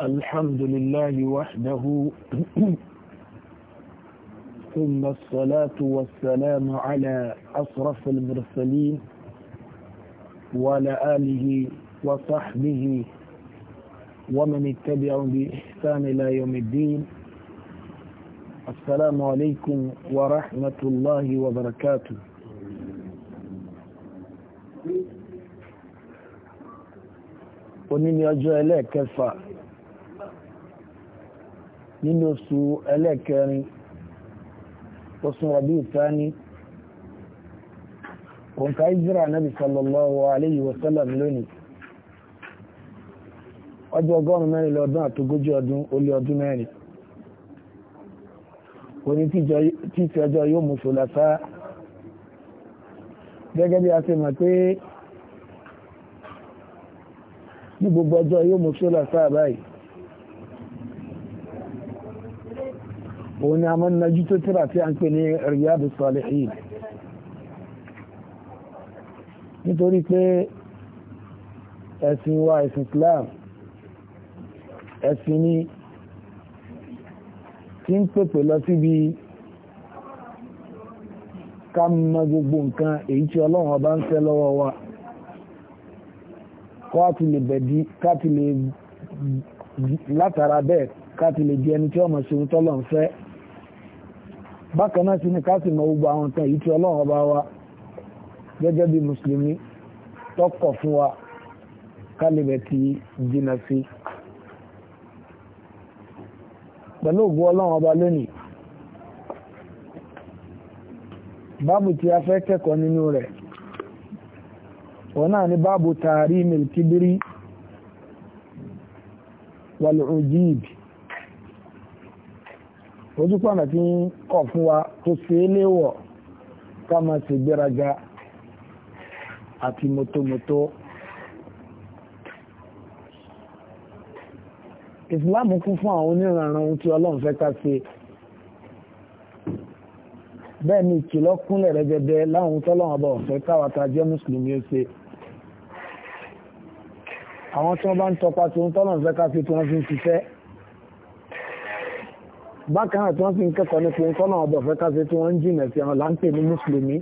الحمد لله وحده ثم الصلاة والسلام على أشرف المرسلين وعلى آله وصحبه ومن اتبعهم بإحسان إلى يوم الدين السلام عليكم ورحمة الله وبركاته ونين يجعلك الفعل nínú oṣù ẹlẹ́kẹrin oṣù rọ̀bí ìtaní òǹkà ìjírà náàbì sallallahu alayhi wa sallam lónìí ọjọ́ ọgọ́rùn mẹ́rin lọ́dún àtogójì ọdún olè ọdún mẹ́rin òní títí ọjọ́ yóò mú ṣòlàfá gẹ́gẹ́ bí a ṣe mọ̀ pé ní gbogbo ọjọ́ yóò mú ṣòlàfá báyìí òun ni a mọ́ nájú tó tíra tí a ń pè ní Riyadus Salihin nítorí pé ẹ̀sìn wa ẹ̀sìn Islam ẹ̀sìn ni tí ń pèpè lọ síbi ká mọ gbogbo nǹkan èyí tí ọlọ́run ọba ń fẹ́ lọ́wọ́ wa kọ́ àti lè bẹ̀dí láti lè látara bẹ́ẹ̀ ká lè di ẹni tí ọmọ ṣe ń tọ́lọ̀ ń fẹ́ bákan náà sí ni ká sì mọ gbogbo àwọn tán èyí tí ọlọ́run ọba wa gẹ́gẹ́ bí mùsùlùmí tọkọ̀ fún wa kálíbẹ̀ ti jìnnà sí pẹ̀lú ògbó ọlọ́run ọba lónìí báàbù tí a fẹ́ kẹ́kọ̀ọ́ nínú rẹ̀ wọn náà ni báàbù tààrí milkibiri wàlúùjíìbì ojúpọ̀nà tí ń kọ̀ fún wa tó ṣe é léwọ̀ ká máa ṣe gbéraga àti mọ́tòmọ́tò ìsìláàmù kún fún àwọn oníranran ohun tí ọlọ́run fẹ́ ká ṣe bẹ́ẹ̀ ni ìkìlọ̀ kúnlẹ̀ rẹ́gẹ́dẹ́ láwọn ohun tọ́lọ́run ọba ọ̀fẹ́ káwàtà jẹ́ mùsùlùmí ó ṣe àwọn tí wọ́n bá ń tọpa tí ohun tọ́lọ́run fẹ́ ká ṣe tí wọ́n fi ń ṣiṣẹ́ bákan náà tí wọ́n fi ń kẹ́kọ̀ọ́ ní pé ń kọ́nà ọ̀bọ̀ fẹ́ káṣe tí wọ́n ń jìnà sí àwọn láńpè ní mùsùlùmí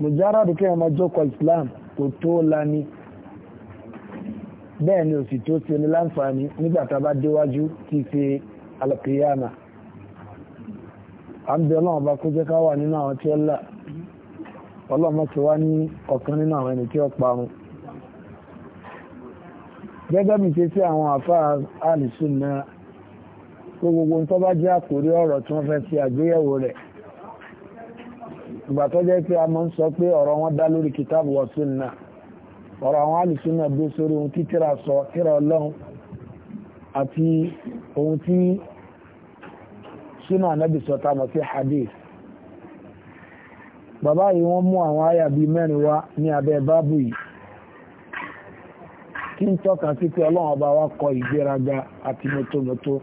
mùjáràdù kí ẹmọ jókòó islam kò tó lani bẹ́ẹ̀ ni òsì tó ṣe ní láǹfààní nígbà tá a bá déwájú kí ṣe alqiyama à ń bẹ ọlọ́run bá kó jẹ́ ká wà nínú àwọn tí ọlọ́run ti wá ní ọ̀kan nínú àwọn ẹni tí ó gẹ́gẹ́ bí ṣe sí àwọn àfáà alìsúnà tó gbogbo tó bá jẹ́ àkórí ọ̀rọ̀ tí wọ́n fẹ́ ṣe àgbéyẹ̀wò rẹ̀ ìgbà tó jẹ́ pé a mọ́ ń sọ pé ọ̀rọ̀ wọn dá lórí kìtàbù wa súnà ọ̀rọ̀ àwọn alìsúnà dó sórí ohun tí tíra sọ tíra ọlọ́run àti ohun tí súnà anábì sọ tá mọ̀ sí hadith bàbá yìí wọ́n mú àwọn àyà bíi mẹ́rin wá ní abẹ́ báàbù yìí tí ń tọ́ka sí pé ọlọ́run ọba wa kọ ìgbéraga àti mọ́tòmọ́tò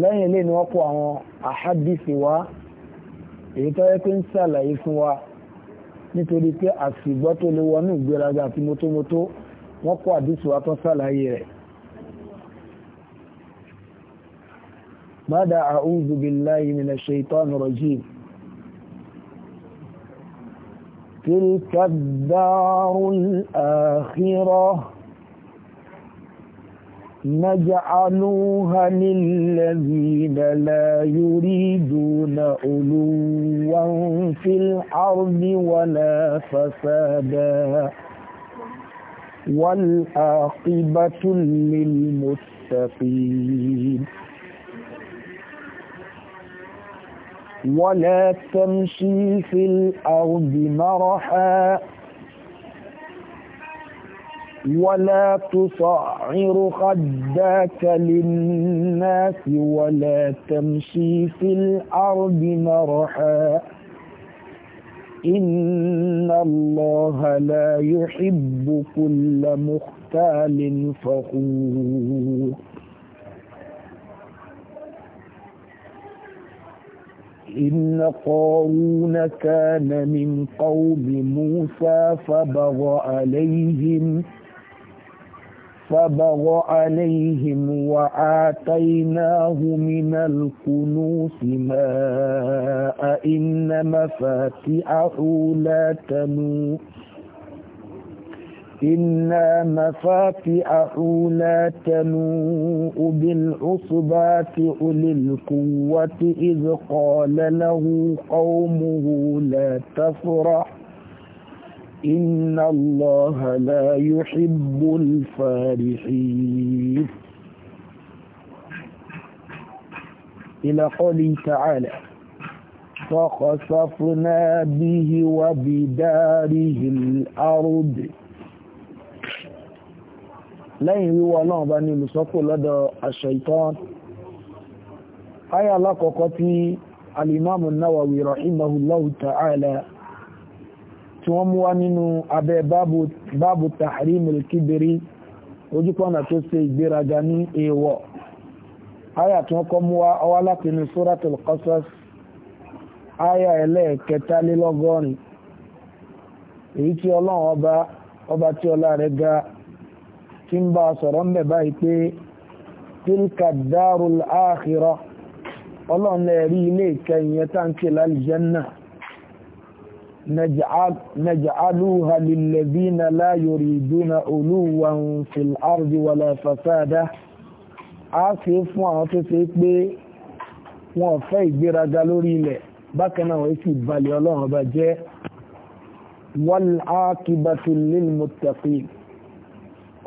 lẹ́yìn ilé ni wọ́n kó àwọn àhádìsì wá èyí tó yẹ pé ń ṣàlàyé fún wa nítorí pé àsìgbọ́ tó lè wọnú ìgbéraga àti mọ́tòmọ́tò wọ́n kó àdìsì wá tó ṣàlàyé rẹ̀ bada a'udhu billahi minash shaitani rajim تلك الدار الآخرة نجعلوها للذين لا يريدون علوا في الأرض ولا فسادا والآقبة للمتقين ولا تمشي في الأرض مرحا ولا تصعر خدك للناس ولا تمشي في الأرض مرحا إن الله لا يحب كل مختال فخور إن قارون كان من قوم موسى فبغى عليهم فبغى عليهم وآتيناه من الكنوس ماء إن مفاتحه لا تنوح إنا مفاتحه لا تنوء بالعصبات أولي القوة إذ قال له قومه لا تفرح إن الله لا يحب الفارحين إلى قوله تعالى فخسفنا به وبداره الأرض lẹ́yìn wíwọ́ náà bá ní olùsọ́pò lọ́dọ̀ aṣọ ìtọ́n ayé alákọ̀ọ́kọ́ tí alìmáàmù Nawawi rahimahullahu ta'ala tí wọ́n mú wá nínú abẹ́ báàbù tahrimul kibri ojúkọ́nà tó ṣe ìgbéraga ní èèwọ̀ ayé tí wọ́n láti ọba tí ọlá rẹ̀ tí ń bá sọ̀rọ̀ ń bẹ̀ báyìí pé tilka darul akhirah ọlọ́run ẹ̀rí ilé ìkẹyìn ẹ̀ta ń ké lálìjẹ́nà naj'aluha lilladhina la yuriduna uluwan fil ardi wala fasada a ṣe fún àwọn tó ṣe pé wọ́n fẹ́ ìgbéraga lórí ilẹ̀ bákan wọ́n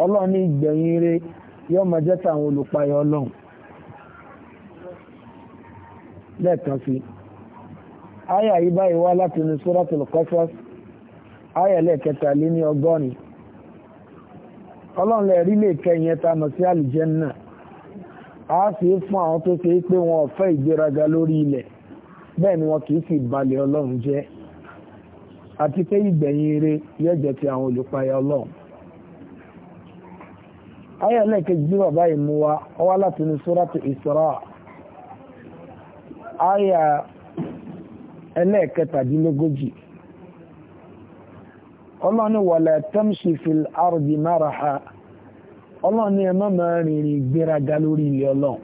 ọlọ́run ní ìgbẹ̀yìn rẹ̀ yọ́ ma jẹ́ tàwọn olùpayọ ọlọ́run lẹ́ẹ̀kan sí yìí báyìí wá láti inú suratul Qasas àyà lẹ́ẹ̀kẹta lé ní ọgọ́rin ọlọ́run lẹ́ẹ̀rí lè kẹyìn ẹta a sì fún àwọn tó ṣe wọn ìgbéraga ilẹ̀ bẹ́ẹ̀ ni wọn sì balẹ̀ ọlọ́run jẹ́ àti pé ìgbẹ̀yìn rẹ̀ jẹ́ ti àwọn ayé ẹlẹ́ẹ̀kejì bí bàbá yìí mú wa wá láti ní suratu Isra ayé ẹlẹ́ẹ̀kẹtàdínlógójì ọlọ́ni wala tamshi fil ardi maraha ọlọ́ni ẹ má máa rìnrìn gbéraga lórí ilé ọlọ́run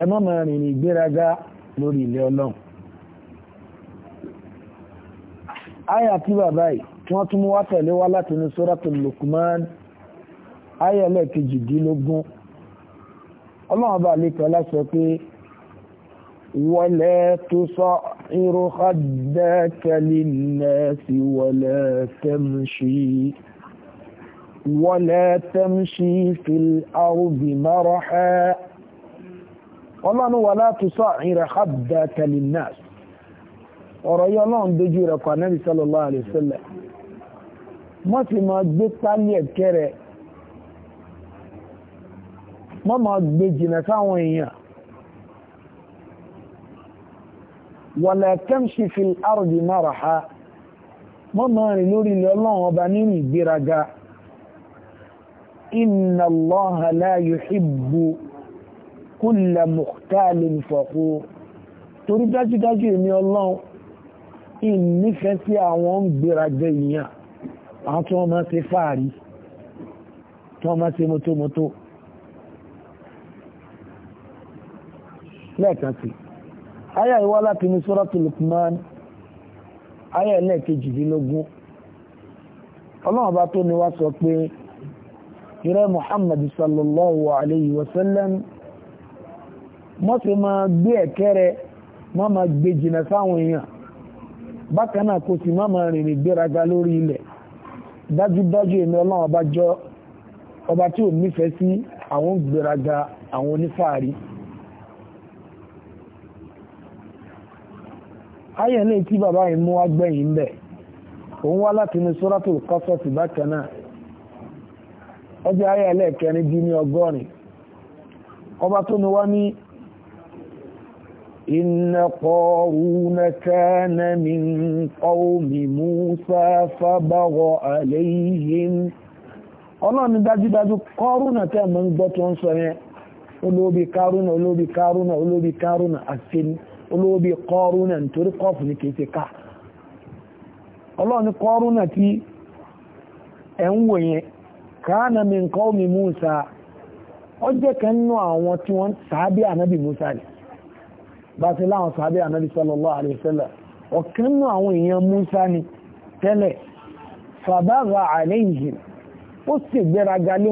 ẹ rìnrìn gbéraga lórí ilé lori ayé àti bàbá tí wọ́n tún mú wá tẹ̀lé wá láti ní lukman. ayẹ̀lẹ̀ kejìdínlógún ọlọ́run bá lè kọ́lá sọ pé wọlé tó sọ irú ọdẹ́kẹlì nẹ́ẹ̀sì wọlé tẹ́mṣí wọlé tẹ́mṣí fìlárùbì márọ́ẹ́ ọlọ́run wọlé tó sọ irú ọdẹ́kẹlì nẹ́ẹ̀sì ọ̀rọ̀ yọ náà ń rẹ̀ kọ́ anẹ́bí sallallahu alaihi wasallam wọ́n gbé pálí ẹ̀kẹ́ rẹ̀ mọ́ ma gbé jìnà sáwọn èèyàn wala tamshi fil ardi maraha mọ́ ma rìn lórí ilẹ̀ ọlọ́run ọba nínú ìgbéraga inna Allaha la yuhibbu kulla mukhtalin fakhur torí dájúdájú èmi ọlọ́run ìnífẹ́ sí àwọn ń gbéraga èèyàn àwọn tí wọ́n máa ṣe fáàrí tí wọ́n máa ṣe mọ́tọ́mọ́tọ́ lẹ́ẹ̀kan sí ayà ìwá láti ní sọ́rọ́tù Luqman ayà ẹlẹ́ẹ̀kejìdínlógún ọlọ́run bá tó ní wá sọ pé ìrẹ́ Muhammad sallallahu alayhi wa sallam ma sí gbé ẹ̀kẹ́rẹ́ mọ́ máa gbé jìnà sáwọn èèyàn bákan kò rìnrìn gbéraga lórí ilẹ̀ dájúdájú èmi ọlọ́run ọba jọ ọba tí ò nífẹ̀ẹ́ sí àwọn gbéraga ayẹ̀ náà tí bàbá yìí mú wá gbẹ̀yìn bẹ̀ òun wá láti ní sóràtò kọ́sọ̀tì bákan náà ọjọ́ ayẹ̀ ẹlẹ́ẹ̀kẹrin dín ní ọgọ́rin ọba tó ní wá ní inna qaruna kana min qawmi musa fabagha alayhim ọlọ́run dájúdájú kọ́rùnà tẹ́ mọ́ ń gbọ́ tó sọ yẹn olóbi olóbi olóbi àti olówó bí kọrúnà nítorí kọfù ní kìí ṣe ká ọlọ́ni kọrúnà tí ẹ̀ mi nǹkan omi Musa ó jẹ́ kẹ́nu àwọn tí wọ́n sàábí ànábì Musa rẹ̀ bá ti láwọn sàábí ànábì sallallahu alaihi wasallam àwọn Musa ni tẹ́lẹ̀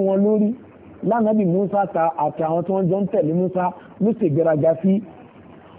wọn lori l'anabi Musa ta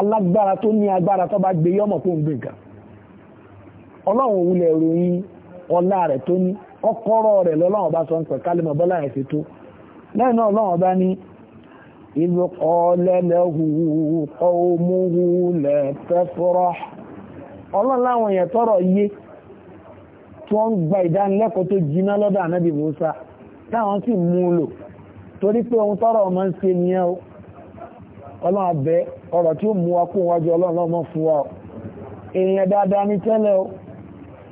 alágbára tó ní agbára tó bá gbé yọmọ̀ kó ń gbé nǹkan ọlọ́run òwúlẹ̀ ròyìn ọlá rẹ̀ tó ní ọkọ́rọ̀ rẹ̀ lọ́lọ́run bá sọ ń pẹ̀ kálímọ̀ bọ́lá rẹ̀ sí tó ọlọ́run bá ní idh qala la tafrah ọlọ́run láwọn èèyàn tọ́rọ̀ yé tí wọ́n ń gba ọlọ́run abẹ ọ̀rọ̀ tí ó mú wa kó wájú ọlọ́run lọ́mọ fún wa èèyàn dáadáa ní tẹ́lẹ̀ o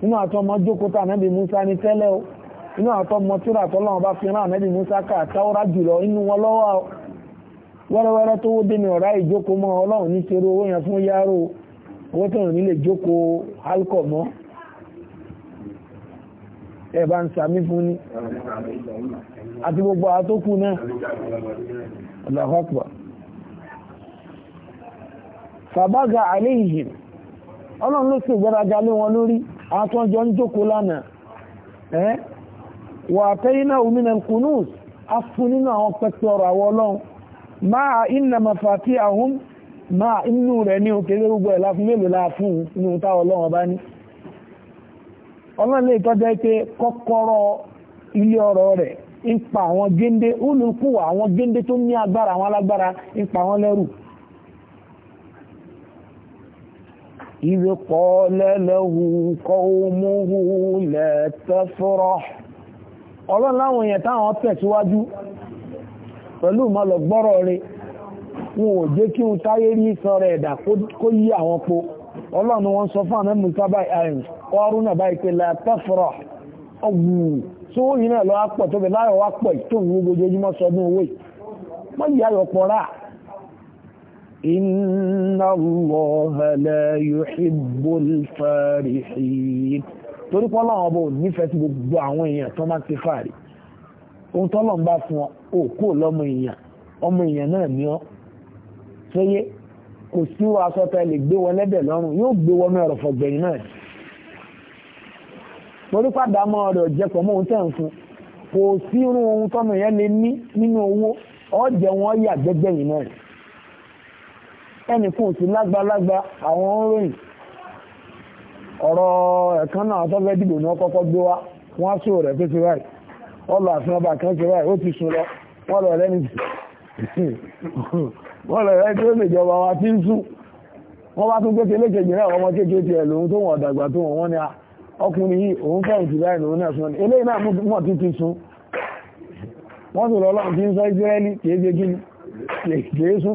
inú àtọmọ jókòtà Musa ní tẹ́lẹ̀ o inú àtọmọ tíra bá fi rán ànábì Musa ká jùlọ inú wọn lọ́wọ́ wẹ́rẹ́wẹ́rẹ́ tó wó dénú ọ̀rá ìjókòó mọ́ Allahu Akbar fàbága àléhìn ọlọ́run ló sì gbẹ́raga lé wọn lórí àtọ́jọ́ ń jókòó lánàá ẹ́ wà tẹ́yìnà òmìnà kùnúùs a fún nínú àwọn pẹ̀pẹ̀ ọ̀rọ̀ àwọn ọlọ́run máa iná mafàtí àhún máa inú rẹ̀ ní òkèrè gbogbo ẹ̀ láfún mélòó ní àwọn إذ قال له قومه لا تفرح ọlọ́run láwọn èèyàn táwọn tẹ̀síwájú pẹ̀lú ma lọ gbọ́rọ̀ rẹ̀ wọn ò jẹ́ kí o táyé ní sọ́rọ̀ ẹ̀dà kó yí àwọn po ọlọ́run wọn sọ fún àmẹ́ mùsábà àrùn ọrún náà báyìí pé la tafrah ọgbù tó yìí náà lọ pọ̀ tó bẹ̀ láyọ̀ wá pọ̀ tó ń gbogbo ojoojúmọ́ sọdún owó yìí wọ́n yí ayọ̀ pọ̀ ráà inna allaha la yuhibbul farihin torí pé Ọlọ́run ọba ò nífẹ̀ẹ́ sí gbogbo àwọn èèyàn tó máa ti fàárì ohun tó Ọlọ́run bá fún ọ ò kó lọ́mọ èèyàn ọmọ èèyàn náà ní ọ́. sóyé kò sí aṣọ tá lè gbé wọn lẹ́bẹ̀ lọ́rùn yóò gbé wọn mẹ́rọ̀ fọ̀gbẹ̀yìn náà torí padà mọ́ ọ̀rọ̀ jẹ pọ̀ mọ́ ohun tẹ̀ ń fún kò sí irú ohun tọ́mọ yẹn lè ní nínú owó ọ̀jẹ̀ wọn yà gbẹ́gbẹ̀yìn náà ẹnìkan ò sí lágbalágba àwọn oníròyìn ọ̀rọ̀ ẹ̀kan náà na dìbò ní gbé wá wọ́n á sọ rẹ̀ ti ráì àfihàn ọba kan ó ti lọ wọ́n lọ rẹ́ nìtì wọ́n lọ rẹ́ tí ó lè ti ń sùn wọ́n bá tún náà ọmọ kékeré ti lòun tó wọ̀n dàgbà tó ti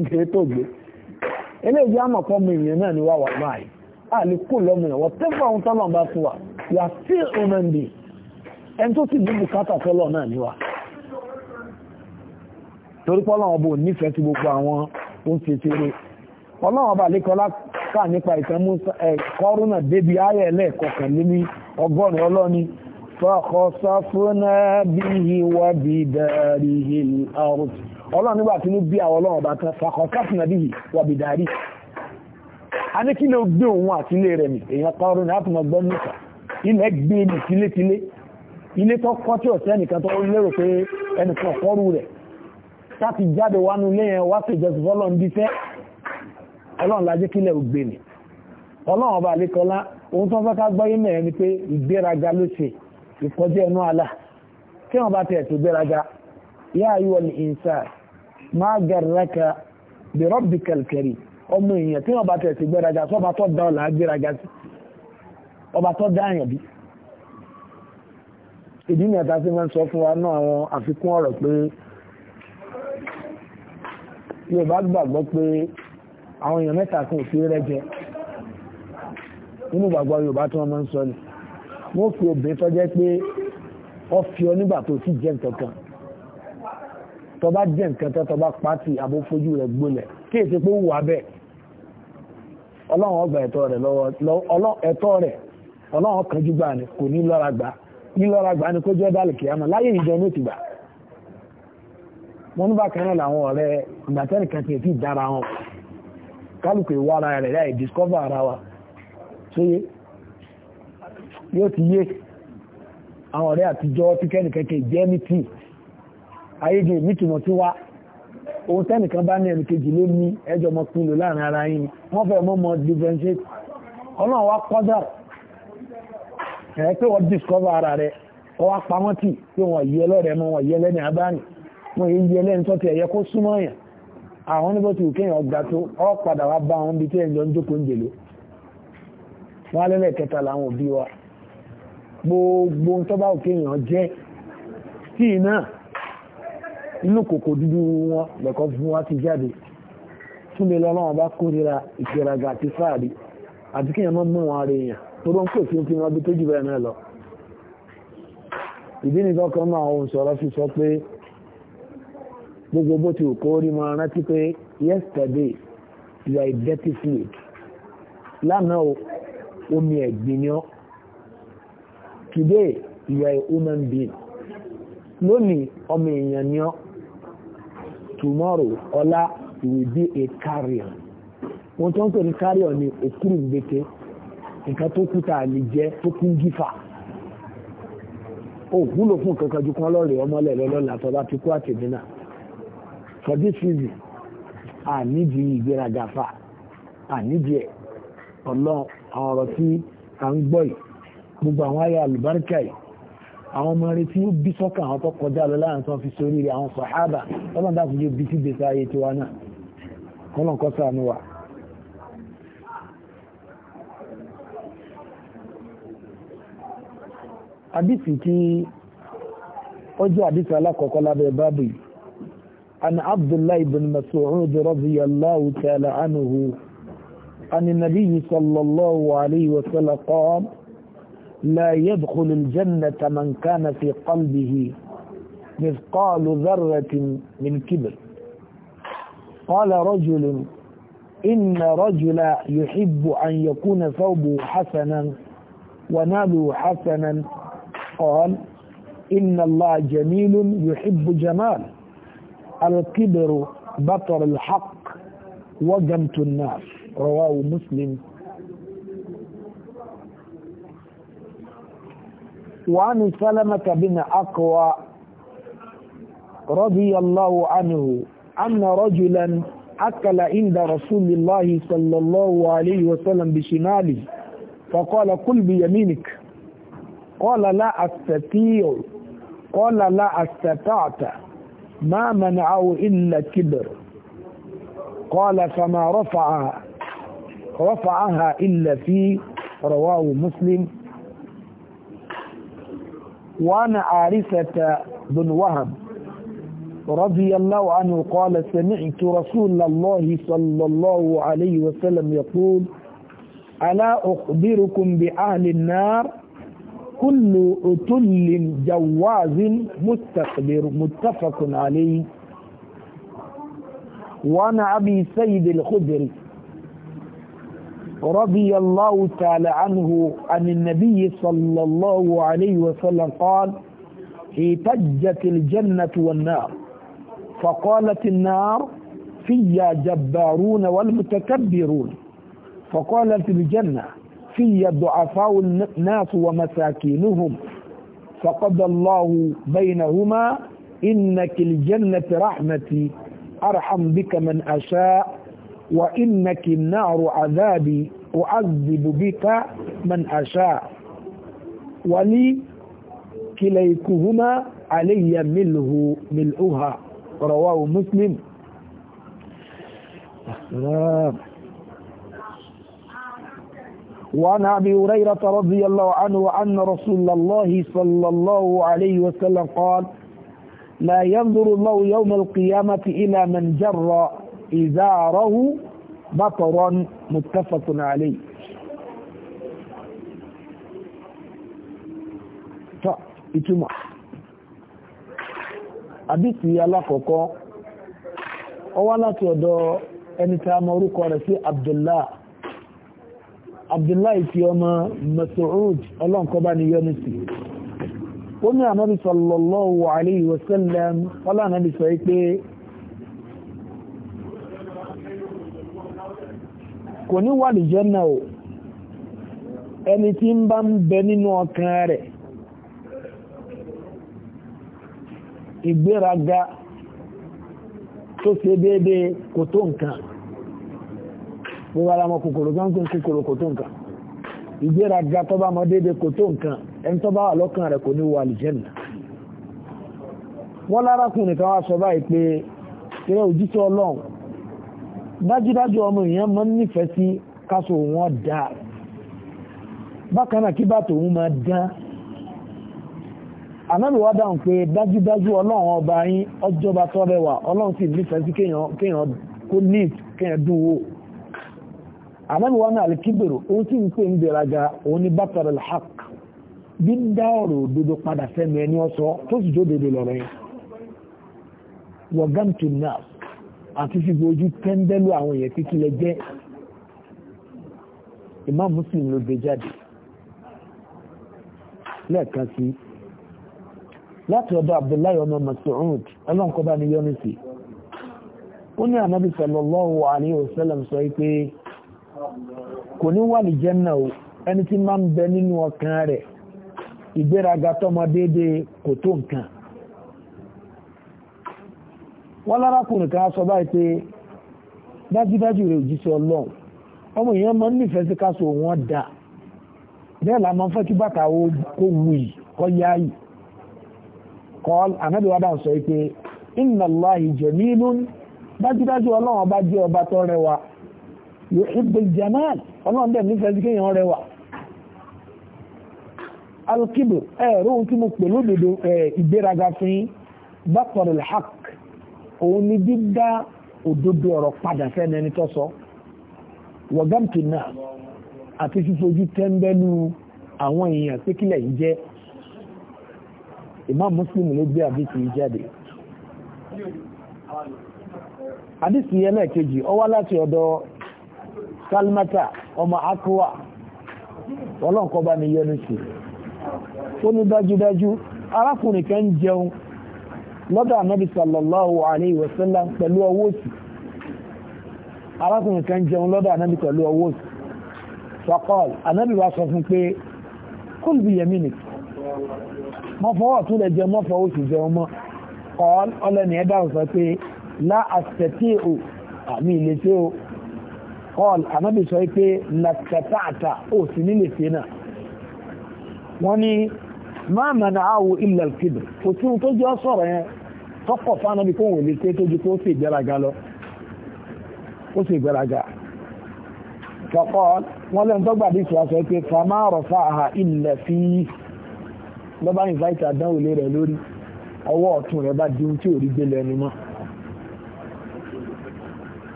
lòun eléyìí àmọ̀ kan mọ ènìyàn náà ni wà wà láàyè a lè kó lọ́mọ ènìyàn wọ́n tẹ́fà ohun tọ́lọ̀ bá fún wa ẹni tó sì ní bùkátà tọ́lọ̀ náà ni wa torí ọba nífẹ̀ẹ́ sí gbogbo àwọn tó ń ọlọ́run nígbà tí ló bí àwọn ọlọ́run ọba kan fàkọ̀kásìnà bí i wàbí darí a ní kí ló gbé òun àti ilé rẹ̀ mi èèyàn kọrún ní àtùmọ̀ gbọ́n nìkan ilẹ̀ gbé ní tilétilé ilé tó kọ́ tí ọ̀sẹ́ ẹnìkan tó lérò pé ẹnìkan kọ́rù rẹ̀ sáti jáde wá nulé yẹn wá sí ìjọsìn fọ́lọ́n bí fẹ́ ọlọ́run lajẹ́ kílẹ̀ ògbé ni ọlọ́run ọba àlékọlá ohun tó fẹ́ ká gbọ́ yín mẹ́rin ni pé ìgbéraga ló ṣe ìkọjá ẹnu àlà kí wọ́n bá tẹ̀ tó gbéraga yáa yíwọ́ ní inside máa gẹ̀rẹ́kà bí rọ́bì kẹlkẹrì ọmọ èèyàn tí wọ́n bá tẹ̀sí gbẹ́raga sí ọba tó dá ọ̀là gbẹ́raga sí ọba tó dá àyàn bí ìdí ni ẹ̀ta sí máa ń sọ fún wa náà àwọn àfikún ọ̀rọ̀ pé Yorùbá gbàgbọ́ pé àwọn èèyàn mẹ́ta kan ò sí rẹ́jẹ nínú ìgbàgbọ́ Yorùbá tí wọ́n máa ń sọ ni wọ́n fi obìnrin tó pé ọ fi ọ nígbà tó sì jẹ́ nǹkan kan tó bá jẹ́ nǹkan tó tó bá pàtì àbó fojú rẹ̀ gbólẹ̀ kí èsì pé wà bẹ́ẹ̀ ọlọ́run ọgbà ẹ̀tọ́ rẹ̀ lọ́wọ́ ẹ̀tọ́ rẹ̀ ọlọ́run kanjú gbà ní kò ní lọ́ra gbà ní lọ́ra gbà ní kó jẹ́ dálì kìámà láyé ìjọ ní òtìgbà wọn bá kan náà làwọn ọ̀rẹ́ ìgbàtẹ́nìkan yóò ti yé àwọn ọ̀rẹ́ àtijọ́ tí kẹ́nìkẹ́kẹ́ jẹ́ ní tíì ayéjì ìmítùmọ̀ tí wá ohun tẹ́nìkan bá ní ẹnìkejì ló ní ẹjọ́ mọ́ pínlò láàrin ara yìí wọ́n fẹ́ mọ́ mọ́ differentiate ọlọ́run wá kọ́dà ẹ̀ pé wọ́n discover ara rẹ̀ wọ́n wá pamọ́ tì pé wọ́n yí ẹlọ́rẹ̀ mọ́ wọ́n yí ẹlẹ́ni abáni wọ́n yí ẹlẹ́ni ẹ̀yẹ kó súnmọ́ àwọn níbo ọ padà wá bá ibi tí ẹ̀jọ́ ń jókòó ń jèlò wọ́n alẹ́lẹ̀ kẹta làwọn òbí wa gbogbo ń tọ́ bá òkéèyàn jẹ́ tíì inú kòkò dúdú wọn lẹ̀kọ́ fún wa ti jáde fún mi lọ́lọ́wọ́n bá kórira ìgbéraga àti fáàrí àti kí ẹmọ́ mú wọn rẹ̀ èèyàn tó rọ́ ń pè fún kí bí tó bẹ́ẹ̀ náà lọ ìdí ni tọ́kọ́ náà ohun sọ̀rọ̀ fi sọ pé gbogbo bó ti kó rí máa rántí pé yesterday you are a dirty fluid lánàá omi ẹ̀gbìn today you are a human being lónìí ọmọ èèyàn ni ọ́ tomorrow ọ̀la will be a carrier wọ́n tó ń pè ní carrier ni òkúrù gbẹ̀tẹ̀ nǹkan tó kúta àlè jẹ́ tó kún gífà ó wúlò fún kankan ju kan lọ́rẹ̀ ọmọlẹ̀ lọ́lọ́lá tó bá ti kú àtẹ̀mínà for this reason àníjì ìgbéraga fà àníjì ẹ̀ ọlọ́ àwọn ọ̀rọ̀ tí à ń gbọ́ yìí gbogbo àwọn ayé àlùbáríkà yìí àwọn ọmọ rẹ̀ tí ó bí sọ́kà àwọn tó kọjá lọ láàrín tó fi sórí rẹ̀ àwọn sàhábà lọ́nà dákù yóò bí sí gbèsè ayé tiwa náà kọ́nà kọ́ sàánú wa àdìsí tí ó jẹ́ àdìsí alákọ̀ọ́kọ́ lábẹ́ bábù yìí عن عبد الله بن مسعود رضي الله تعالى عنه عن النبي صلى الله عليه لا يدخل الجنة من كان في قلبه مثقال ذرة من كبر قال رجل إن رجلا يحب أن يكون ثوبه حسنا وناله حسنا قال إن الله جميل يحب جمال الكبر بطر الحق وجمت الناس رواه مسلم وعن سلمة بن أقوى رضي الله عنه أن رجلا أكل عند رسول الله صلى الله عليه وسلم بشماله فقال كل بيمينك قال لا أستطيع قال لا استطعت ما منعه إلا كبر قال فما رفعها رفعها إلا في رواه مسلم وعن عارفة بن وهب رضي الله عنه قال سمعت رسول الله صلى الله عليه وسلم يقول ألا أخبركم بأهل النار كل أتل جواز مستقبر متفق عليه وعن أبي سيد الخدري رضي الله تعالى عنه عن النبي صلى الله عليه وسلم قال احتجت الجنة والنار فقالت النار فيا جبارون والمتكبرون فقالت الجنة فيا ضعفاء الناس ومساكينهم فقد الله بينهما إنك الجنة رحمتي أرحم بك من أشاء وإنك النار عذابي أعذب بك من أشاء ولي كليكهما علي منه ملؤها رواه مسلم وعن ابي هريره رضي الله عنه ان رسول الله صلى الله عليه وسلم قال لا ينظر الله يوم القيامه الى من جر ìzáàrọ́hù bátọ̀rọ̀ muttafaqun alayhi tọ́ ìtumọ̀ àbíkì alákọ̀ọ́kọ́ ó wá láti ọ̀dọ̀ ẹni tí a mọ orúkọ rẹ̀ sí Abdullah Abdullah ti ọmọ Mas'ud ọlọ́nkọ́bá ni yọ́nù sí ó ní ànábì sallallahu alayhi wa sallam kò ní wà lìjẹ́ náà o ẹni tí ń bá ń bẹ nínú ọkàn rẹ̀ ìgbéraga tó ṣe kò tó nǹkan gbogbo ara kòkòrò tó ń kòkòrò kò tó nǹkan ìgbéraga tó bá mọ kò tó nǹkan ẹni tó bá wà lọ́kàn rẹ̀ kò ní wà dájúdájú ọmọ èèyàn máa nífẹ̀ẹ́ sí káṣọ wọn dá bákan kí bá tòun máa dán ànábì dáhùn pé dájúdájú ọlọ́run ọba yín ọjọ́ba tó ọlọ́run sì nífẹ̀ẹ́ sí kéèyàn kó neat kéèyàn dùn wò náà lè kíbèrò ohun tí ń pè ń òun ní bí ń dá ọ̀rọ̀ òdodo àti fi gbojú tẹ́ńbẹ́lú àwọn èèyàn tí kílẹ̀ jẹ́ Imam Muslim ló gbé jáde lẹ́ẹ̀kan sí láti ọ̀dọ̀ Abdullahi ọmọ Mas'ud ọlọ́nkọba ni yọ́nù ó ní ànábì sallallahu alayhi wa sallam sọ pé kò ní wà ní Janna o ẹni tí máa ń bẹ nínú ọkàn rẹ̀ ìgbéraga tọmọ déédéé kò tó nǹkan wọ́n lárákùnrin kan sọ báyìí pé dájúdájú rẹ̀ òjíṣẹ́ ọlọ́run ọmọ èèyàn máa nífẹ̀ẹ́ sí dà bẹ́ẹ̀ la máa fẹ́ kí bàtà kó wù yìí kọ́ yá yìí kọ́ bá ń sọ pé inna dájúdájú ọlọ́run ọba jẹ́ ọba rẹwà yuhibbul jamal ọlọ́run dẹ̀ nífẹ̀ẹ́ sí kéèyàn rẹwà ẹ̀rọ ohun tí mo pè lódodo òun ni dídá òdodo ọ̀rọ̀ padà sẹ́ni ẹni tó sọ wọ̀gáǹtì náà àti fífojú tẹ́ńbẹ́lú àwọn èèyàn pé yìí jẹ́ Imam Muslim ló gbé àdìsí yìí jáde àdìsí ẹlẹ́ẹ̀kejì ó wá láti ọ̀dọ̀ kalmata ọmọ Akwa ni yẹnu sí ó ní dájúdájú arákùnrin kan jẹun lọ́dọ̀ ànábì sallallahu alayhi wa sallam pẹ̀lú ọwọ́ òsì arákùnrin kan jẹun lọ́dọ̀ ànábì pẹ̀lú ọwọ́ òsì faqal ànábì wá sọ fún pé kul bi yaminik mọ́ fọwọ́ tún lẹ jẹun mọ́ fọwọ́ òsì jẹun mọ́ kọ́ọ̀l ọlẹ́ni ẹ̀dá sọ pé la astati'u àmì ilé tí ó kọ́ọ̀l ànábì sọ pé làkàtàtà ó sì náà wọ́n ní máa mẹ́nà áwò illa al kò tí ó tó jẹ́ sọ̀rọ̀ yẹn tọ́pọ̀ fáwọn ibi kóhùn lè ṣe tó ju kó sì gbéraga lọ ó sì gbéraga kọ̀kọ́ wọ́n lẹ́nu tó gbàdí ìṣòwò sọ pé fama rọ̀fà àhà ilẹ̀ fi lọ́ba invite àdánwò lé rẹ̀ lórí ọwọ́ ọ̀tún rẹ̀ bá di ohun tí ò rí gbé lẹ́nu mọ́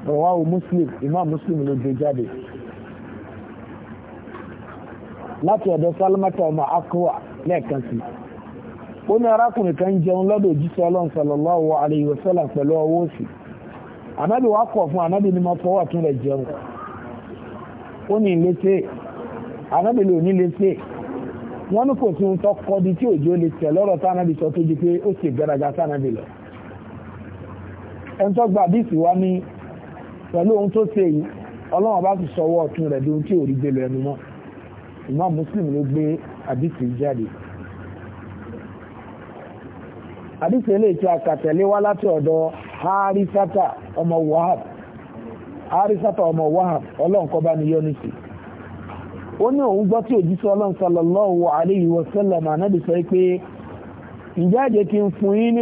rọwáwò muslim imam muslim ló gbé jáde láti ọ̀dọ̀ sálámátà ọmọ akọ́wà lẹ́ẹ̀kan sí i ó ní arákùnrin kan jẹun lọ́dọ̀ òjíṣẹ́ ọlọ́run sallallahu alayhi wa sallam pẹ̀lú ọwọ́ òsì ànábì wá kọ̀ fún ànábì ní mo fọwọ́ ọ̀tún rẹ̀ jẹun ó ní létè ànábì lè ní létè wọ́n ní kò sí ohun tó kọ́ di tí òjò lè tẹ̀ lọ́rọ̀ tánábì sọ tó di pé ó sì gbẹ́dàgà tánábì lọ ẹni tó gba àdìsí wá ní pẹ̀lú ohun tó ṣe yìí ọlọ́run bá ti sọ ọwọ́ ọ̀tún rẹ̀ di ohun tí ò rí gbé lọ ẹnu mọ́ ìmọ̀ mùsùlùmí ló gbé àdìsí jáde àdíṣẹ́ ilé ìtí àkàtẹ̀lé wá láti ọ̀dọ̀ harisata ọmọ wahab harisata ọmọ wahab ọlọ́nkọba ni yọ́nìsì ó ní òun gbọ́ tí òjíṣẹ́ ọlọ́run sallallahu alayhi wa sallam pé kí n fún yín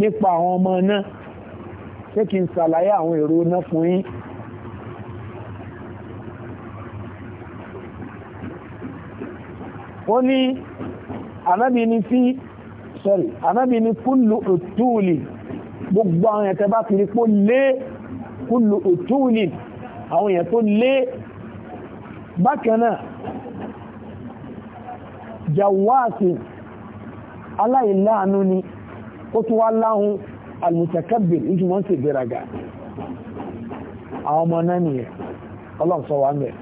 nípa àwọn ọmọ náà ṣé kí n àwọn èrò náà fún yín ní anábì ni fi sorry anábì ni kúlù òtúùlì gbogbo àwọn èèyàn tẹ bá ti rí pó lé kúlù òtúùlì àwọn èèyàn tó lé bákanáà jawaasi aláìláàánú ni ó tún wá láhun alìmùtàkàbì ìjùmọ́ sí ìgbéraga àwọn ọmọ náà nìyẹn ọlọ́pùsọ wà mẹ́rin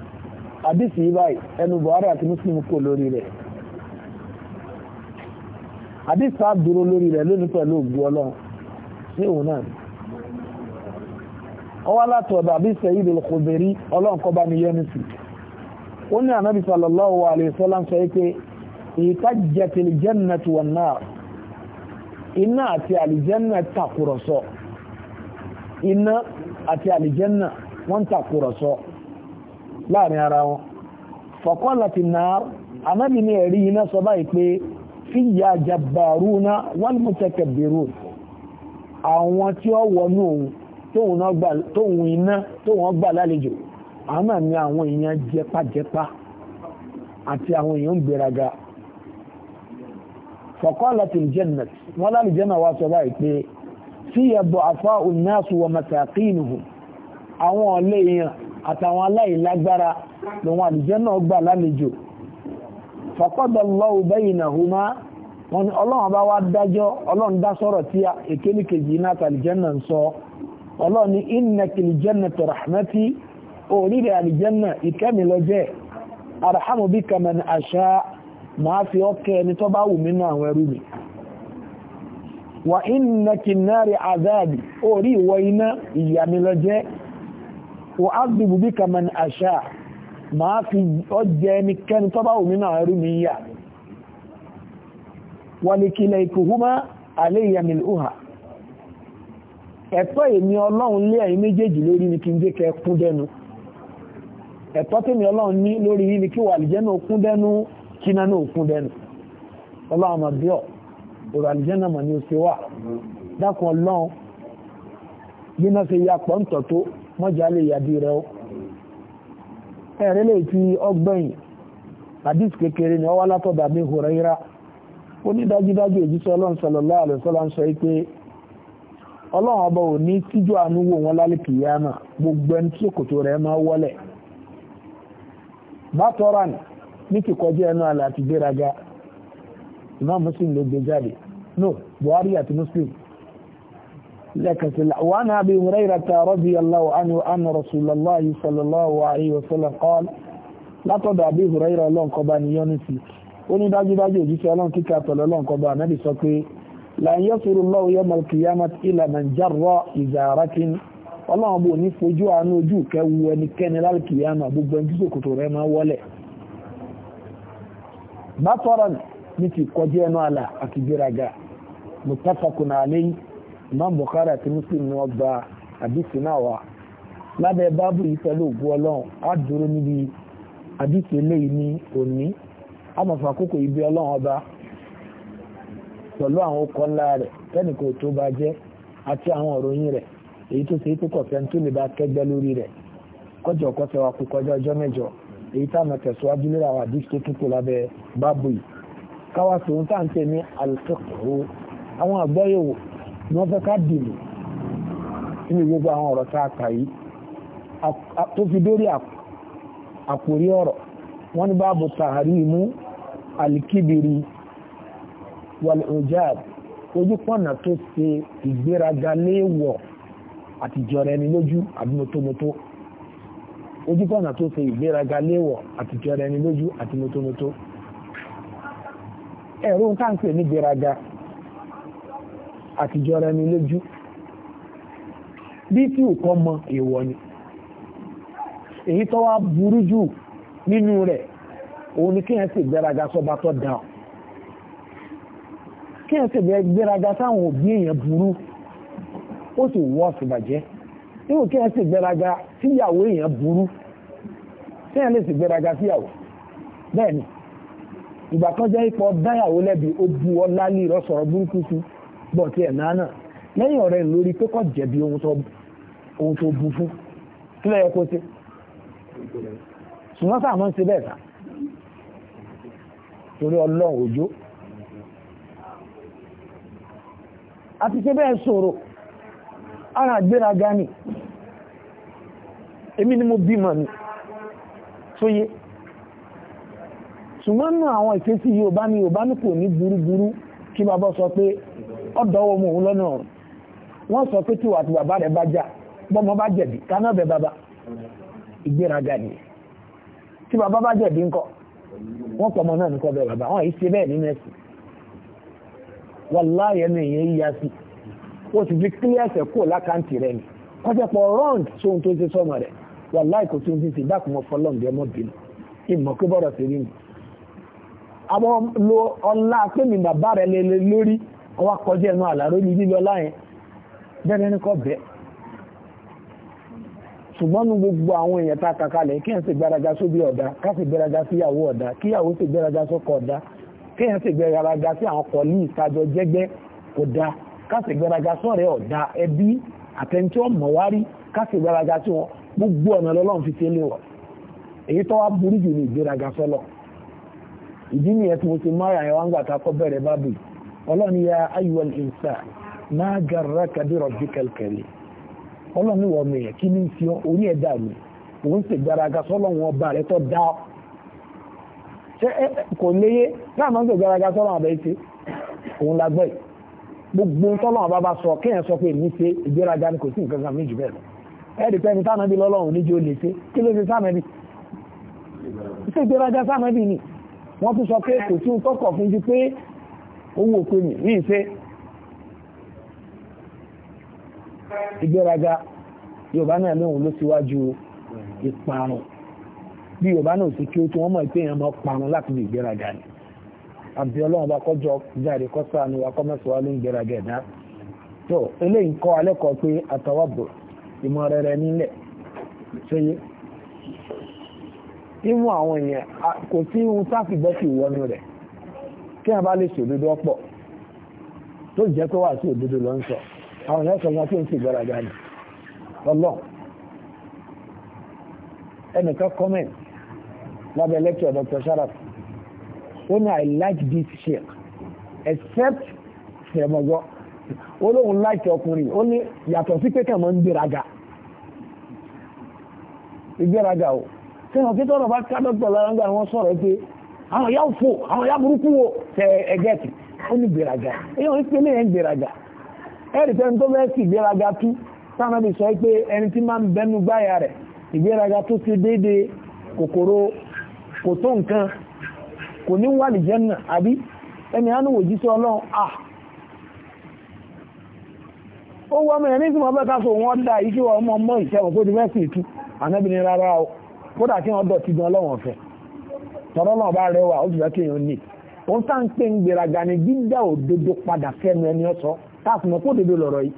àdìsí báyìí ẹnu buhari àti muslim kò lórí rẹ̀ àdìsí àdúró lórí rẹ̀ lónìí pẹ̀lú ògbú ọlọ́run sí òun náà ọwá láti ọ̀dọ̀ àbí sẹ́yìn ìlú kòbèrí ọlọ́run kọ́ bá ní yẹnu sí ó ní ànábì sallallahu alaihi wasallam sọ pé ìtajjatil jannatu wan nar iná àti láàrin ara wọn fọ̀kọ́lá ti náà anábì ní ẹ̀rí iná sọ báyìí pé fíyà jabbaruna wal mutakabbirun àwọn tí ó wọnú òun tóhun iná tóhun gbà lálejò àmà ní àwọn èèyàn jẹpajẹpa àti àwọn èèyàn gbéraga fọ̀kọ́lá ti jẹ́nà wọ́n lálejẹ́nà wá sọ báyìí pé fíyà bọ̀ àfáà òun náà sọ wọ àtàwọn aláìlágbára lòun àdìjẹ́ náà gbà lálejò fàkọ́dọ̀ lọ́wọ́ bẹ́yìn náà hù máa wọn ni ọlọ́run bá wá dájọ́ ọlọ́run dá sọ̀rọ̀ tí èkéní kejì iná àtàlìjẹ́nà ń sọ ọlọ́run ni innaki aljannatu rahmati وأعذب بك من أشاء ما في أجاني كان طبعا من عرمية ولكليكهما علي ملؤها ẹ̀tọ́ èmi ọlọ́run lé ẹ̀yin méjèèjì lórí ní kí n jẹ́ kẹ́ kún dẹnu ẹ̀tọ́ tèmi ọlọ́run ní lórí ní kí wà àlìjẹ́nà òkún dẹnu kí náà òkún dẹnu ọlọ́run àmà bí ọ̀ mọ́jà lè yàbí rẹ̀ ó ẹ̀rẹ́ lè fi ọgbẹ̀yìn hadith kékeré ni ọwá látọ̀dà Huraira ní dájúdájú òjíṣẹ́ ọlọ́run sallallahu nsọ sọ pé ọlọ́run ọba ò ní tíjú àánú wò wọn gbogbo ma Buhari àti Muslim لك سلع وعن أبي هريرة رضي الله عنه أن رسول الله صلى الله عليه وسلم قال لا تدع أبي هريرة لون قبان يونسي وني داجي داجي جيسي لون كيكا تلو لون قبان نبي سكري لا يصل الله يوم القيامة إلى من جر إزارة الله أبو نفجو عنو جو كواني كان للقيامة بقبان جيسو كتوريما ولي بطرا نتي قجينا على أكبر متفق عليه imam bukhari àti muslim ni wọ́n gba àdìsí náà wá lábẹ́ báàbù yìí pẹ̀lú ògùn ọlọ́run á dúró níbi àdìsí eléyìí ní òní amọ̀fà àkókò ibi ọlọ́run ọba pẹ̀lú àwọn okọ̀ ńlá rẹ̀ tẹ́nìkò tó bá jẹ àti àwọn èyí tó ṣe é tó lè bá lórí kọjọ wa kú kọjá èyí lórí àwọn wọ́n fẹ́ ká bèèrè nínú gbogbo àwọn ọ̀rọ̀ tá a kà yìí tó fi dórí àkórí ọ̀rọ̀ wọ́n ní báàbù tahrimu alikibiri wal-ujab ojú pọ̀nà tó ṣe ìgbéraga léèwọ̀ àti jọra ẹni lójú àbí mọ́tòmọ́tò ojú pọ̀nà tó ṣe ìgbéraga léèwọ̀ àti jọra ẹni lójú àti mọ́tòmọ́tò ẹ̀rọ ń káǹpẹ̀ ní gbéraga àtijọ́ rẹni lójú bí tí ò kọ́ mọ èèwọ̀ ni èyí tó wá burú jù nínú rẹ̀ òun ni kíyàn sì gbéraga sọba tó dá ọ kíyàn sì gbéraga sáwọn òbí èèyàn burú ó sì wọ́ ọ̀sùn bàjẹ́ níwò kíyàn sì gbéraga síyàwó èèyàn burú kíyàn lè sì gbéraga síyàwó bẹ́ẹ̀ ni ìgbà dáyàwó lẹ́bi ó bu ọlá lè rọ́sọ̀rọ̀ burúkú sí bọ̀ tí ẹ̀ náà náà lẹ́yìn ọ̀rẹ́ lórí pé kọ́ jẹ̀bi ohun tó bu fún kí lẹ́yẹ kó sí ṣùgbọ́n sáà mọ́ ń ṣe bẹ́ẹ̀ sá torí ọlọ́run òjò àti ṣe bẹ́ẹ̀ sọ̀rọ̀ ara àgbéraga ni èmi ni mo bímọ ni tó yé ṣùgbọ́n nù àwọn ìfésí Yorùbá ni Yorùbá ní kò ní burúburú kí bàbá sọ pé ọ̀dọ́wọ́ mú òun lọ́nà ọ̀run wọ́n sọ pé tíwà àti bàbá rẹ̀ bá jà bọ́mọ bá jẹ̀bi kaná bẹ bàbá ìgbéraga ni tí bàbá bá jẹ̀bi ńkọ́ wọ́n pọ̀mọ náà nìkọ́ bẹ bàbá wọ́n ìṣe bẹ́ẹ̀ nínú ẹ̀sìn wàláyé ẹnu èèyàn yíya sí ó ti fi clear ẹsẹ̀ kúrò lákàntì rẹ̀ ni kọ́sẹ̀pọ̀ wrong sóhun tó ṣe sọ́mọ rẹ̀ wàláyé kò tún ti ṣe dákùnmọ́ fọlọ́ǹdì ọmọ bínú ìmọ̀ pé bọ́rọ̀ sí rí mi lo ọlá pé mi bàbá rẹ̀ lé ọwá kọjá ẹnu àlàró ní lílọ láyẹn bẹ́rẹ̀ ní kọ́ bẹ́ ṣùgbọ́n ní gbogbo àwọn èèyàn tá kàkalẹ̀ kí ẹ̀sì gbáraga sóbi ọ̀dá káfì gbáraga sí ìyàwó ọ̀dá kí ìyàwó sì gbáraga ọ̀dá kí gbáraga sí àwọn kọ̀lí jẹ́gbẹ́ ọ̀dá gbáraga sọ́rẹ̀ ọ̀dá ẹbí ọmọ wárí gbáraga sí wọn gbogbo ọ̀nà lọ́lọ́run fi tẹ́lẹ̀ wọ̀ èyí tó wá burú jù ní ìgbéraga sọ́lọ̀ ìdí nìyẹn tí mo ti wá ń gbà bẹ̀rẹ̀ bábìlì ọlọ́ni ya ayyuwal insan máa gara kàbírọ̀ bí kẹlkẹlẹ̀ ọlọ́ni wọ mẹ́yẹ̀ kí ní fi orí ẹ̀dá mi òun sì gbáraga sọ́lọ́wọ́n ọba rẹ̀ tó dá kò léyé náà máa ń sì gbáraga sọ́lọ́wọ́n ọba ẹ̀ṣẹ́ òun lágbẹ́ ìgbéraga ni ni wọ́n tún sọ pé kò sí tọ́kọ̀ fún ju pé owó pé mi ní ìfẹ́ ìgbéraga yorùbá náà lóhun ló síwájú ìparun bí yorùbá náà sì kí ó tí wọ́n mọ̀ pé mọ́ parun láti ni àbí ọlọ́run bá kọjọ jáde kọ́sà ni wà kọ́mẹ́sì wa ló ń gbéraga ẹ̀dá tó eléyìí kọ́ alẹ́kọ̀ọ́ pé ìmọ̀ rere nílẹ̀ ṣeye nínú àwọn èèyàn kò sí ohun sáfìgbọ́sì kí wọ́n bá lè ṣòdodo ọ̀pọ̀ tó jẹ́ pé wà sí òdodo lọ ń sọ àwọn èèyàn sọ̀rọ̀ pé ń sì gbọ́dọ̀ ní lọ́lọ́ ẹnìkan comment lábẹ́ lecture Dr. Sharaf ó ní I like this sheikh except ṣẹ̀mọ̀gọ́ ó lóun láìkì ọkùnrin ó ní yàtọ̀ sí pé kẹ̀mọ́ ń gbéraga ìgbéraga o ṣé wọn kí tọ́rọ̀ bá ká dọ́gbọ̀ lára ń gbà wọ́n sọ̀rọ̀ pé àwọn ìyá òfò àwọn ìyá burúkú wo tẹ ẹgẹ́tì ó ní gbèrajà èyàn ń pèlè ẹ̀ ń gbèrajà ẹ̀rì tẹ́ni tó bẹ́ẹ̀ sì gbèrajà tú sáàmì sọ pé ẹni tí máa ń bẹnu gbáyà rẹ̀ ìgbèrajà tó ti déédé kòkòrò kò tó nǹkan kò ní wà ní jẹ́nà àbí ẹni àánú wòjí sí ọlọ́run à ó wọ́n mẹ́rin ní ìsìnkú ọbẹ̀ káṣọ wọn dá ìṣẹ́ ọmọ ọmọ ìṣẹ́wọ̀n tó ti fẹ́ sì tú àmẹ́bìnrin rárá o kódà kí wọ́n dọ̀ ti gan ọlọ́run ọ̀fẹ́ tọ́rọ́ náà bá rẹwà ó sì fẹ́ onye ní ń pé ń ni dídá òdodo padà fẹ́nu ẹni ọ̀sọ́ táàfù kó òdodo lọ̀rọ̀ yìí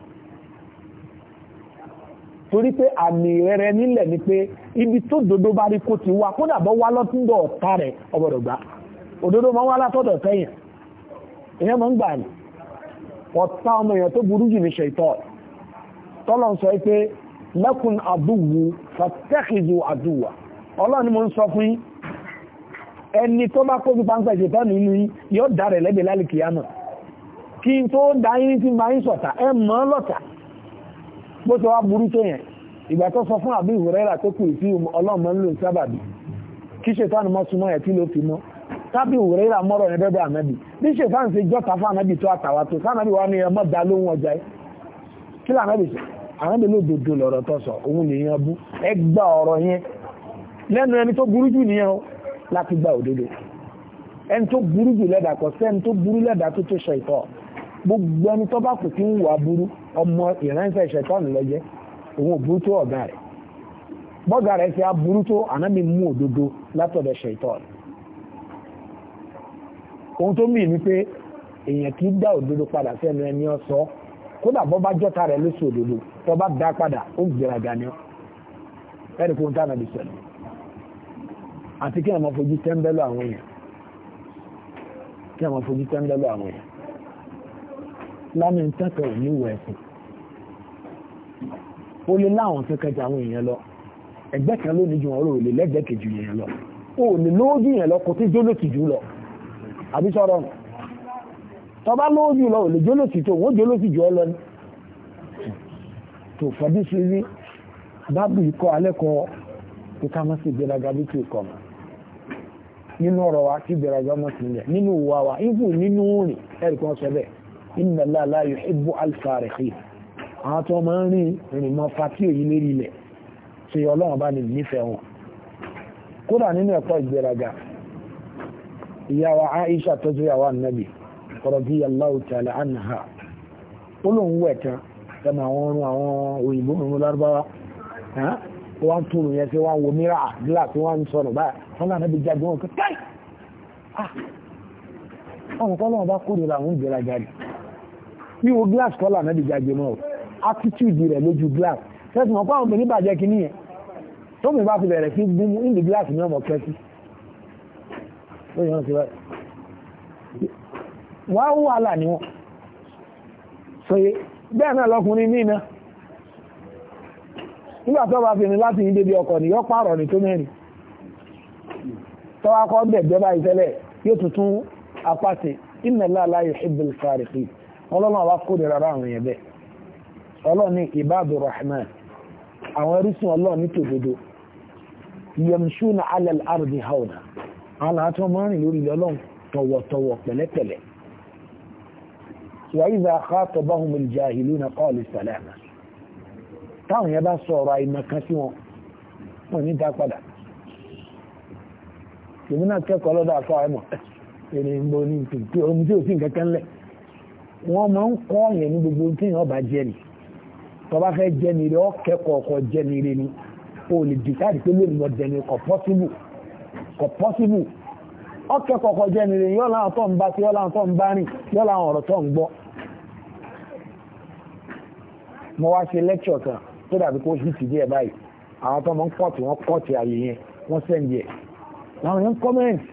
torí pé àmì nílẹ̀ ni pé ibi tó dodo bá rí kó ti wá kódà bọ́ wá lọ́túndọ̀ ọ̀tá rẹ̀ ọgbọ̀dọ̀ gbà òdodo máa wá látọ̀dọ̀ sẹ́yìn èèyàn máa ń gbà ní ọ̀tá ọmọ èèyàn tó burú jù ní tọ́lọ̀ ń sọ pé lẹ́kùn àdúwù fàtẹ́kìzù àdúwà ọlọ́run ni ẹni tó bá kójú páńpẹ́ ìṣẹ̀tọ́ nínú yóò dá rẹ̀ lẹ́gbẹ̀ẹ́ lálìkì yánà kí n tó dá yín tí máa ń sọ̀tà ẹ mọ́ lọ́tà bó ti wá burú tó yẹn ìgbà tó sọ fún àbí ìwòrẹ́rà tó kù sí ọlọ́mọ ń lò sábàbí kí ṣètọ́nù mọ́ súnmọ́ ẹ̀ tí ló fi mọ́ tábí ìwòrẹ́rà mọ́rọ̀ yẹn bẹ́bẹ́ ànábì bí ṣètọ́nù ṣe jọ́ta fún ànábì tó àtàwà tó sánábì wá lẹ́nu ẹni tó burú jù nìyẹn o láti gba òdodo ẹni tó burú jù lẹ́dà kò sẹ́ni tó burú lẹ́dà tó tó ṣẹ̀tọ́ gbogbo ẹni tó bá kù tí ń wà burú ọmọ ìránṣẹ́ ṣẹ̀tọ́ nìlọ́jẹ́ òun ò burú tó ọ̀gá rẹ̀ bọ́gà rẹ̀ ti burú tó ànámi mú òdodo látọ̀dọ̀ ṣẹ̀tọ́ ohun tó ni pé èèyàn kì í dá òdodo padà ẹni ọ̀sọ́ kódà bọ́ bá jọ́ta àti kí àmọ́ fojú tẹ́ńbẹ́lú àwọn èèyàn kí àmọ́ fojú tẹ́ńbẹ́lú àwọn èèyàn lámì ń tẹ́kọ̀ọ́ níwọ̀ ẹ̀sìn ó lé láwọn tó kẹjọ àwọn èèyàn lọ ẹgbẹ́ kan ló ní ju ọ̀rọ̀ òlè lẹ́gbẹ̀ẹ́ kejì èèyàn lọ ó lè lóójú yẹn lọ kò tí jólótì jù lọ àbí sọ̀rọ̀ nù tọba lóójú lọ òlè jólótì tó wọ́n fọdí sí rí bábù ikọ̀ alẹ́kọ̀ọ́ tó ká mọ́ sí ìgbéraga bí tó kọ̀ mọ́ nínú ọ̀rọ̀ wa kí bẹ̀rẹ̀ ọjọ́ mọ́ sílẹ̀ nínú wa wa ibù nínú rìn ẹ̀rì kan sọ bẹ́ẹ̀ inna Allaha la yuhibbu al-farikhin àwọn tó máa ń rìn rìn mọ́ fatí òyìn lérí ilẹ̀ ṣe ọlọ́run bá ní nífẹ̀ẹ́ wọn kódà nínú ẹ̀kọ́ ìgbéraga ìyá wa Aisha tó tó yàwó ànábì radiyallahu ta'ala anha ó lóun wẹ̀ tán ẹnu àwọn òyìnbó òun lárúbáwá tó wá ń túrù yẹn tí wọ́n wo mìíràn àdílà tí wọ́n ń sọ̀nà báyìí wọ́n náà níbi jáde wọn kẹ́kẹ́ ọmọ kọ́ náà bá kúrò ra òun jẹ́ra jáde wíwo glass kọ́là náà di jáde mọ́ attitude rẹ̀ lójú glass tẹ́sí wọn pàwọn obìnrin bàjẹ́ kí nìyẹn tó mi bá fi bẹ̀rẹ̀ sí gbúmú ní glass ní ọmọ kẹ́sí wọ́n wà lá ni wọ́n sọ bẹ́ẹ̀ náà lọkùnrin ní náà nígbà tó bá fi ní láti yín débi ọkọ̀ ní yọ́ pààrọ̀ ní tó mẹ́rin tọ́wọ́ akọ́ bẹ̀gbẹ́bá ìtẹ́lẹ̀ yóò tuntun apáṣe inna Allaha la yuhibbul fariqin ọlọ́run àwa kó ní rárá àwọn èèyàn bẹ́ẹ̀ ọlọ́run ní ibadu rahman àwọn ẹrúsùn ọlọ́run ní tòdodo yamshuna ala táwọn yẹn bá sọ̀rọ̀ àìmọ̀kan sí wọn wọn ní dá padà èmi náà kẹ́kọ̀ọ́ lọ́dọ̀ àfọ́ àìmọ̀ èrè ń bo ní ìpìnkì omi tí ò sí nǹkan kan lẹ̀ wọ́n máa ń kọ́ yẹn ní gbogbo tí yẹn ọba jẹ́ ni tó bá fẹ́ jẹ́ ni rẹ̀ ọ́ kẹ́kọ̀ọ́ ọkọ̀ jẹ́ ni rẹ̀ ni o lè dìtáàdì pé lónìí lọ jẹ́ ni kò pọ́síbù ọ́ kẹ́kọ̀ọ́ ọkọ̀ jẹ́ ni rẹ̀ tó dàbí kó hìtì díẹ̀ báyìí àwọn tó mọ̀ ń pọ̀tì wọ́n pọ̀tì àyè yẹn wọ́n sẹ́ndì ẹ̀ àwọn èèyàn kọ́mẹ́ǹtì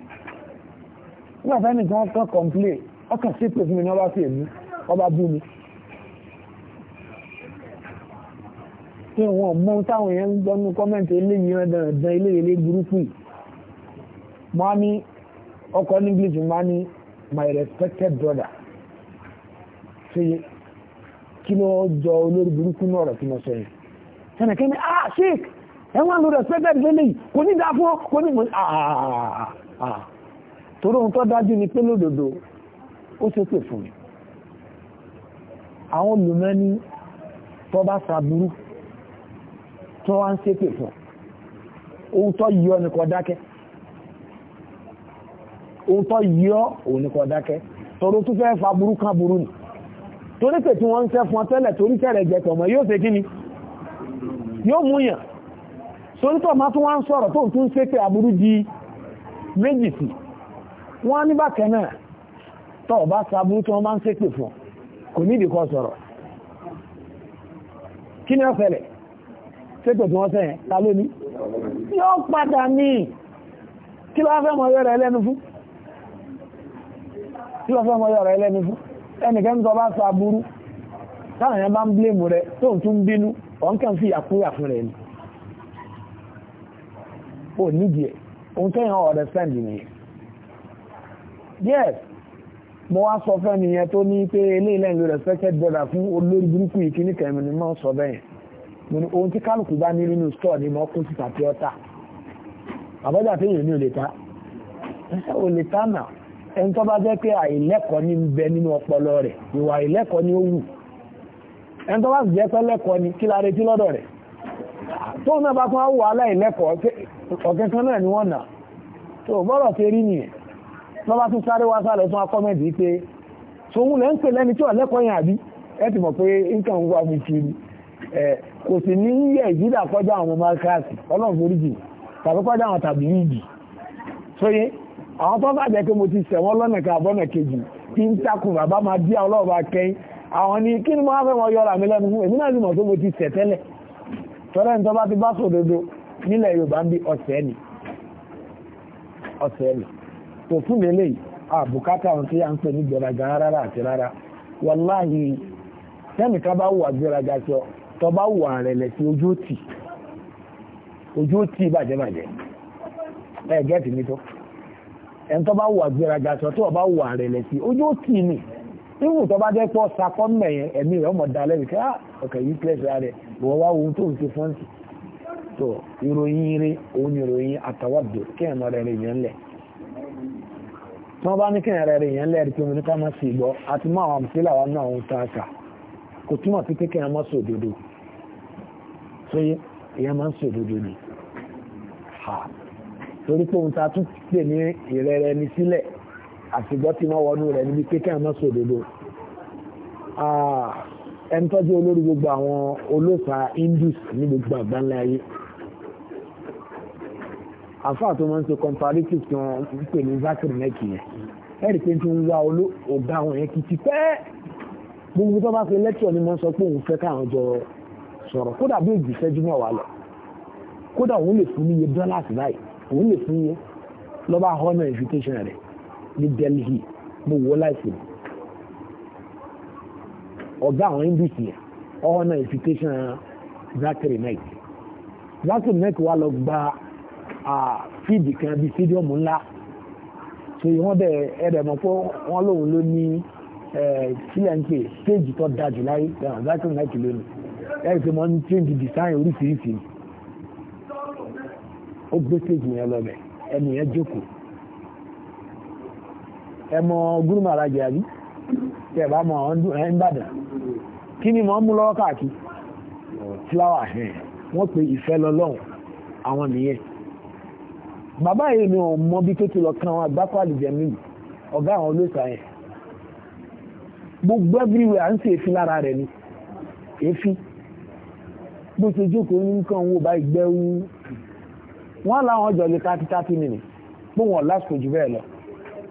nígbà tá ní gan kan kọ̀m̀plé ọkàn sí pé fún mi ní ọba sí èmi ọba bú mi tí wọn mọ táwọn èèyàn ń gbọ́ nínú kọ́mẹ́ǹtì eléyìí rẹ̀ dandan eléyìí lé burúkú yìí mo ní ọkọ̀ ní English mo ní my respected brother ṣe kí ló jọ olórí burúkú náà ọ̀rọ̀ tí mo sọ yìí ẹnìkan ní ah sheik ẹwọ́n lo respected lélẹ̀ kò ní dáa fún kò ní mọ̀ ah, ah, ah, ah torí ohun tó dájú ni pé lódodo ó ṣe pè fún mi àwọn olùmẹ́ni tó bá sàbúrú tó wá ń ṣe pè fún ohun tó yọ ní kó dákẹ́ ohun tó yọ òun ní dákẹ́ torí tó fẹ́ fa kan burú ni torí pé tí wọ́n ń ṣe fún ọ torí tẹ́rẹ̀ jẹ́ tọ̀mọ̀ yóò ṣe kí ni yóò múyàn sórítọ̀ máa tún wá ń sọ̀rọ̀ tó tún ṣe àbúrú di méjì sí wọ́n ní bákẹ́ náà tọ́ bá sàbúrú tí wọ́n bá ń ṣe pè fún kò ní ìdíkọ́ sọ̀rọ̀ kí ni ọ̀fẹ́lẹ̀ ṣépè tí wọ́n sẹ́yẹn ta ló ní yóò padà ní kí ló fẹ́ mọ tó ń bínú ọ̀n kàn fi àkúyà fún rẹ̀ ni ó nídìí ẹ̀ ohun tẹ́yàn understand ni yes mo wá sọ fẹ́ nìyẹn tó ní pé ilé ilẹ̀ ìlú respected brother fún olórí burúkú yìí kíní kẹrin ni mo sọ bẹ́yẹn mo ní ohun tí kálukú bá ní nínú store ni mo kún síta tí ó tà àbọ́jà téèyàn ní ò lè ta ò lè ta náà ẹni tó bá jẹ́ pé àìlẹ́kọ̀ọ́ ní bẹ nínú ọpọlọ rẹ̀ ìwà àìlẹ́kọ̀ọ́ ni ó wù ẹni tó bá jẹ́ pẹ́ lẹ́kọ̀ọ́ ni kí la retí lọ́dọ̀ rẹ̀ tó náà bá tún wà aláìlẹ́kọ̀ọ́ ọ̀kẹ́ náà ni wọ́n nà tó bọ́rọ̀ ṣe rí nìyẹn tó bá tún sáré wá sálẹ̀ tún akọ́mẹ́dì pé tòun lẹ́ ń pè lẹ́ni tí ọ̀lẹ́kọ̀ọ́ yẹn àbí ẹ ti mọ̀ pé nǹkan ń wá mi kiri kò sì ní yẹ ìdídà kọjá àwọn ọmọ káàsì ọlọ́run foríjì ń takùn àwọn ní kí ni máa fẹ́ wọn yọ́ra mi lẹ́nu fún èmi náà sì mọ̀ tó mo ti sẹ̀ tẹ́lẹ̀ tọ́lẹ́ ní tọ́bá ti bá sòdodo nílẹ̀ Yorùbá ń bí ọ̀sẹ̀ ni ọ̀sẹ̀ ni tó fún mi lè àbùkátà ohun tí a ń pè ní gbẹ̀rẹ̀gà rárá àti rárá wàláhì tẹ́nìká bá wà gbẹ̀rẹ̀gà tí ojú òtì ni tíwù tó bá jẹ́ pọ́ sakọ́ mẹ̀yẹn ẹ̀mí rẹ̀ ọmọ dalẹ́ wípé ah ọkẹ̀ yìí rẹ̀ wọ́n wá ohun tó ń ti fún ti tó ìròyìn rí òun ìròyìn àtàwọ̀dù kí rẹ̀ rẹ̀ yẹn lẹ̀ tí wọ́n bá ní kí ẹ̀rẹ̀ rẹ̀ yẹn lẹ̀ rí pé ní ká má sì gbọ́ àti àwọn wa náà ń kò túmọ̀ pé sọ òdodo ìyẹn sọ àtìgbọ́ tí wọ́n wọnú rẹ̀ níbi kékeré náà sòdodo ẹni tọ́jú olórí gbogbo àwọn olóòsà Indus ní gbogbo àgbáńlá ayé àfáà tó máa ń ṣe comparative tí wọ́n ń pè ní Zakir Mẹ́kì yẹn ẹ̀rì pé tí ń wá ọ̀gá àwọn yẹn kìí ti pẹ́ gbogbo tó bá fi lẹ́kìọ̀ ni mo sọ pé òun fẹ́ káwọn jọ sọ̀rọ̀ kódà bí èjì fẹ́jú mọ̀ wá lọ kódà òun lè fún níye dọ́là báyìí òun lè fún níye lọ́ba honor invitation rẹ̀ ní Delhi mo wọ láìsí ọ̀gá àwọn ndc ọ̀hún náà invitation zakari night zakari night wà lọ gba fíìdì kan bíi fídíọ̀mù ńlá so wọ́n bẹ̀ ẹ̀rẹ̀ mọ̀ pé wọ́n lòun ló ní clnk stage tó da jù láyé zakari night lónìí ẹ̀rì pé wọ́n ń change design oríṣiríṣi ó gbé stage yẹn lọ bẹ̀ ẹnìyẹn jókòó ẹmọ gúrùmọ̀ alájẹ̀ àbí tẹ̀bá mọ̀ ẹ̀ ń bàdàn kí ni mọ̀ ń mú lọ́wọ́ káàkiri flower hẹn wọ́n pe ìfẹ́ lọ́lọ́run àwọn nìyẹn bàbá yìí ni ò mọ bí tó ti lọ kan àwọn àgbákò àlìjẹmí ọ̀gá àwọn olóòsà yẹn gbogbo everywhere à ń ṣe èéfín lára rẹ̀ ni èéfín bó ṣe jókòó ní nǹkan wo bá ìgbẹ́ wú wọ́n láwọn ọjọ́ lè thirty thirty pé wọ́n lásìkò jù bẹ́ẹ̀ lọ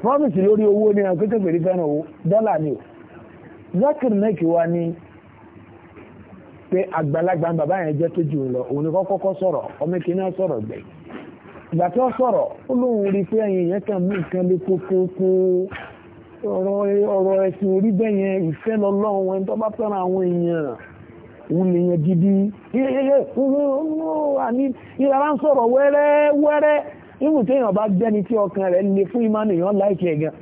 promise lórí owó ní akékèkèrè fẹ́ràn owó dọ́là ni ò Zakir Naik wa ní pé àgbàlagbà bàbá yẹn jẹ́ tó jù lọ òun ni kọ́kọ́ sọ̀rọ̀ ọmọ ìkíní sọ̀rọ̀ gbẹ̀ ìgbà tó sọ̀rọ̀ ó lóun rí pé yẹn kàn mú nǹkan lé kókókó ọ̀rọ̀ ẹ̀sìn orí bẹ́ẹ̀ yẹn ìfẹ́ lọ́lọ́run ẹni tó bá fẹ́ràn àwọn èèyàn òun lè yẹn gidi ìwù tí èèyàn bá jẹ́ni tí ọkàn rẹ̀ le fún ìmánu èèyàn láìkí ẹ̀gán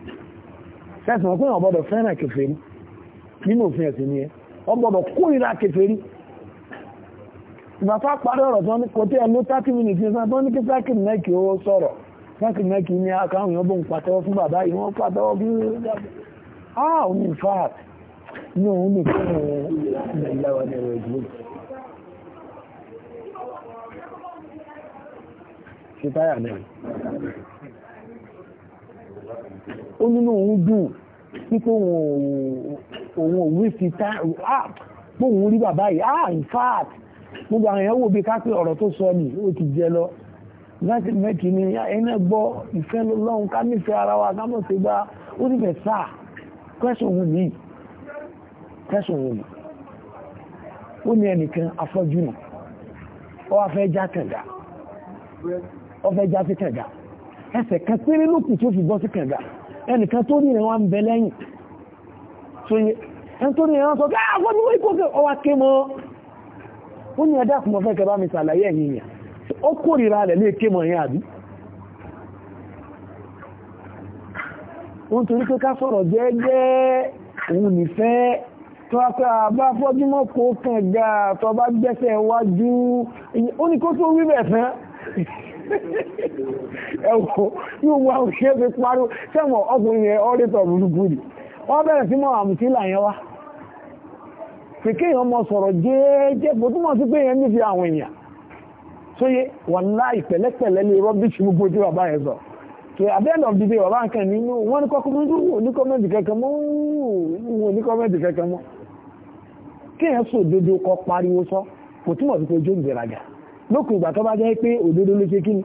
fẹ́sùn pé èèyàn gbọ́dọ̀ fẹ́ràn kèfèrí nínú òfin ẹ̀sìn ni ẹ wọ́n gbọ́dọ̀ kórìíra kèfèrí ìgbàfà parí ọ̀rọ̀ tí wọ́n ní kò tí ẹ ló 30 minutes ní sáà tó ní kí sákìrì mẹ́kì ó sọ̀rọ̀ sákìrì mẹ́kì ní akáwọn èèyàn bó ń pàtẹ́wọ́ fún bàbá yìí wọ́n pàtẹ́wọ́ fún ah omi in fact ní òun nìkan ẹ̀rọ ìlàwọ̀ ṣe táyà náà ó nínú òun dùn pípé òun òun fi táyà póun rí bàbá yìí ah in fact gbogbo àwọn èèyàn wò bí kápẹ́ ọ̀rọ̀ tó sọ ni ó ti jẹ lọ láti mẹ́kì ni ẹni gbọ́ ìfẹ́ lọ́hùn ká nífẹ̀ẹ́ ara wa kámọ̀ sí gbá ó nífẹ̀ẹ́ sáà kẹ́sùn òun nìyí kẹ́sùn òun nìyí ó ní ẹnìkan afọ́jú nù ó wá fẹ́ já kànga ọfẹ́ já sí kànga ẹsẹ̀ kan péré ló kù tó fi bọ́ sí kànga ẹnìkan tó ní ìrìnwá ń bẹ lẹ́yìn tó yẹ ẹn tó ní ìrìnwá sọ pé àwọn ọmọ ikú ọwá ké mọ́ ó ní ẹ̀dá fún ọfẹ́ kẹbá mi sàlàyé ẹ̀yìn yẹn ó kórìíra rẹ̀ lè ké mọ́ yẹn àbí ó ń torí pé ká sọ̀rọ̀ jẹ́ẹ́jẹ́ òun nìfẹ́ tọ́pẹ́ àbá ah, fọ́júmọ́ kó kànga tọba gbẹ́sẹ̀ wájú ó ní kó tó wí bẹ̀ fẹ́ ẹ̀wọ̀ yóò wá òṣèré fi parú sẹ́wọ̀n ọkùnrin yẹn ọ́rẹ́tọ̀ burúkú ni wọ́n bẹ̀rẹ̀ sí mọ́ àmùtílà yẹn wá pé kéèyàn mọ sọ̀rọ̀ jẹ́ẹ́jẹ́ bó túmọ̀ sí pé yẹn nífi àwọn èèyàn sóyè wà láì pẹ̀lẹ́pẹ̀lẹ́ lè rọ́bíṣì gbogbo tí bàbá yẹn sọ pé abẹ́ẹ̀lọ́ dídé bàbá kan nínú wọ́n ní kọ́kọ́mẹ́ntì wò ní kọ́mẹ́ntì kankan mọ́ wò ní kọ́mẹ́ntì kankan mọ́ kéèyàn sòdodo kọ pariwo sọ kò túmọ̀ sí pé ojú ń lókùn ìgbà tó bá jẹ́ pé òdodo ló ṣe kí ni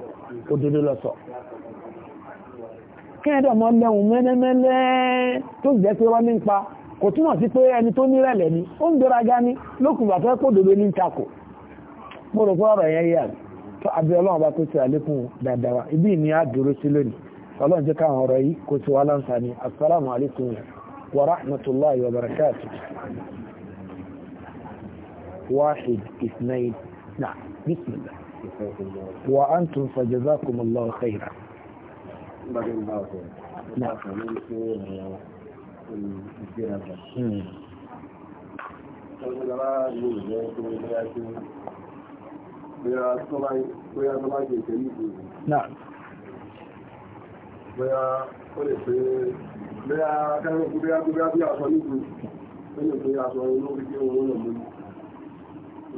òdodo lọ sọ kẹ́ẹ̀dọ̀ mọ́ lẹ́hùn mẹ́lẹ́mẹ́lẹ́ tó jẹ́ pé wọ́n ní pa kò túmọ̀ sí pé ẹni tó nírẹ̀lẹ̀ ni ó ń gbéraga ní lókùn ìgbà tó pé òdodo ní takò mo rò pé ọ̀rọ̀ yẹn yà tó abẹ́ ọlọ́run bá kó ti àlékún واحد اثنين نعم بسم الله وأنتم فجزاكم الله خيرا نعم نعم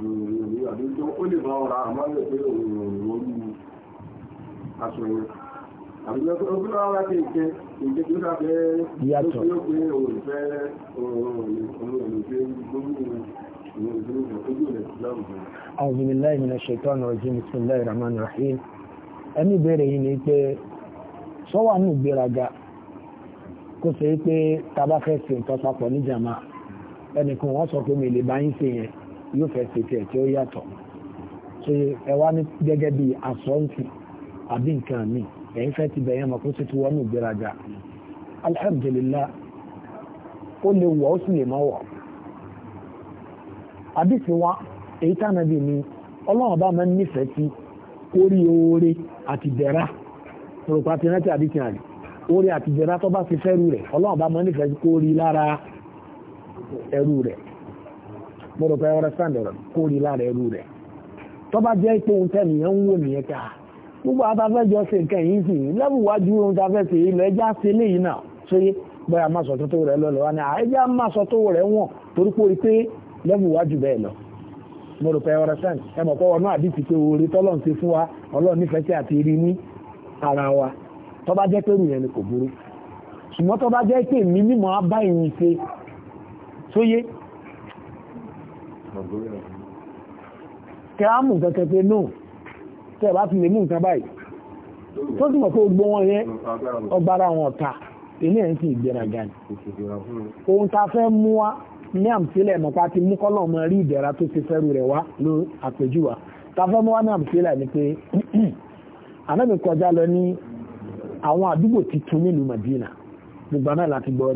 ó lè bá ọ̀rá àmọ́lẹ̀ pé òòrùn aṣọ yẹn àbíjọ́ tó kí lọ́wọ́ láti ìkẹ́ ìkẹ́ tó dábẹ́ yàtọ̀ tó pé òòrùn fẹ́ òòrùn fẹ́ gbóhùn أعوذ بالله من الشيطان الرجيم بسم الله الرحمن الرحيم ẹni bèèrè yìí ni pé sọ́wà ní ìgbéraga kó ṣe pé tàbá fẹ́ sí nǹkan papọ̀ ní jàmá ẹnìkan wọ́n sọ pé mi lè bá yín ṣe yẹn yóò fẹ́ ṣe tiẹ̀ tí ó yàtọ̀ ṣe ẹ wá ní gẹ́gẹ́ bí àsọǹtì àbí nǹkan mi ẹ̀yin fẹ́ ti bẹ̀yẹn mọ̀ kó sì ti wọ́nú ìgbéraga alhamdulillah ó lè ó sì lè má wọ̀ àdìsí wa èyí tá nàbí ni ọlọ́run bá máa ń nífẹ̀ẹ́ sí orí oore àti ti rántí àdìsí àrí oore àti tó bá ti rẹ̀ ọlọ́run bá máa ń nífẹ̀ẹ́ sí mo rò pé ọ̀rẹ́ sàndọ̀rọ̀ kó rí lára ẹrú rẹ̀ tó bá jẹ́ ipò ohun tẹ́nìyàn ń wò nìyẹn ká gbogbo àtàfẹ́ jọ ṣe nǹkan yìí sì lẹ́bù wájú ohun tàfẹ́ ṣe ilẹ̀ ẹja ṣe léyìí náà ṣóyé bóyá má sọ tó rẹ̀ lọ́lọ́ wa ni àìjá má sọ tó rẹ̀ wọ̀n torí pé orí pé bá jẹ́ pé ni kò burú ṣùgbọ́n tó bá jẹ́ pé mi mímọ́ abá ìyìn ṣe ṣóyé kẹ á mú kẹkẹ pé náà tẹ́ bá fi lè mú nǹkan báyìí tó túnmọ̀ tó gbọ́ wọn yẹn ọgbára wọn ọ̀ta ilé ẹ̀ ń sì ìgbéraga ni ohun ta fẹ́ mú wá ní àmsílẹ̀ mọ̀pá ti mú kọ́lọ̀ mọ́ rí ìdẹ̀ra tó ti fẹ́rù rẹ̀ wá ló àpèjúwa ta fẹ́ mú wá ní àmsílẹ̀ ni pé anábì kọjá lọ ní àwọn àdúgbò tuntun nílùú Madina gbogbo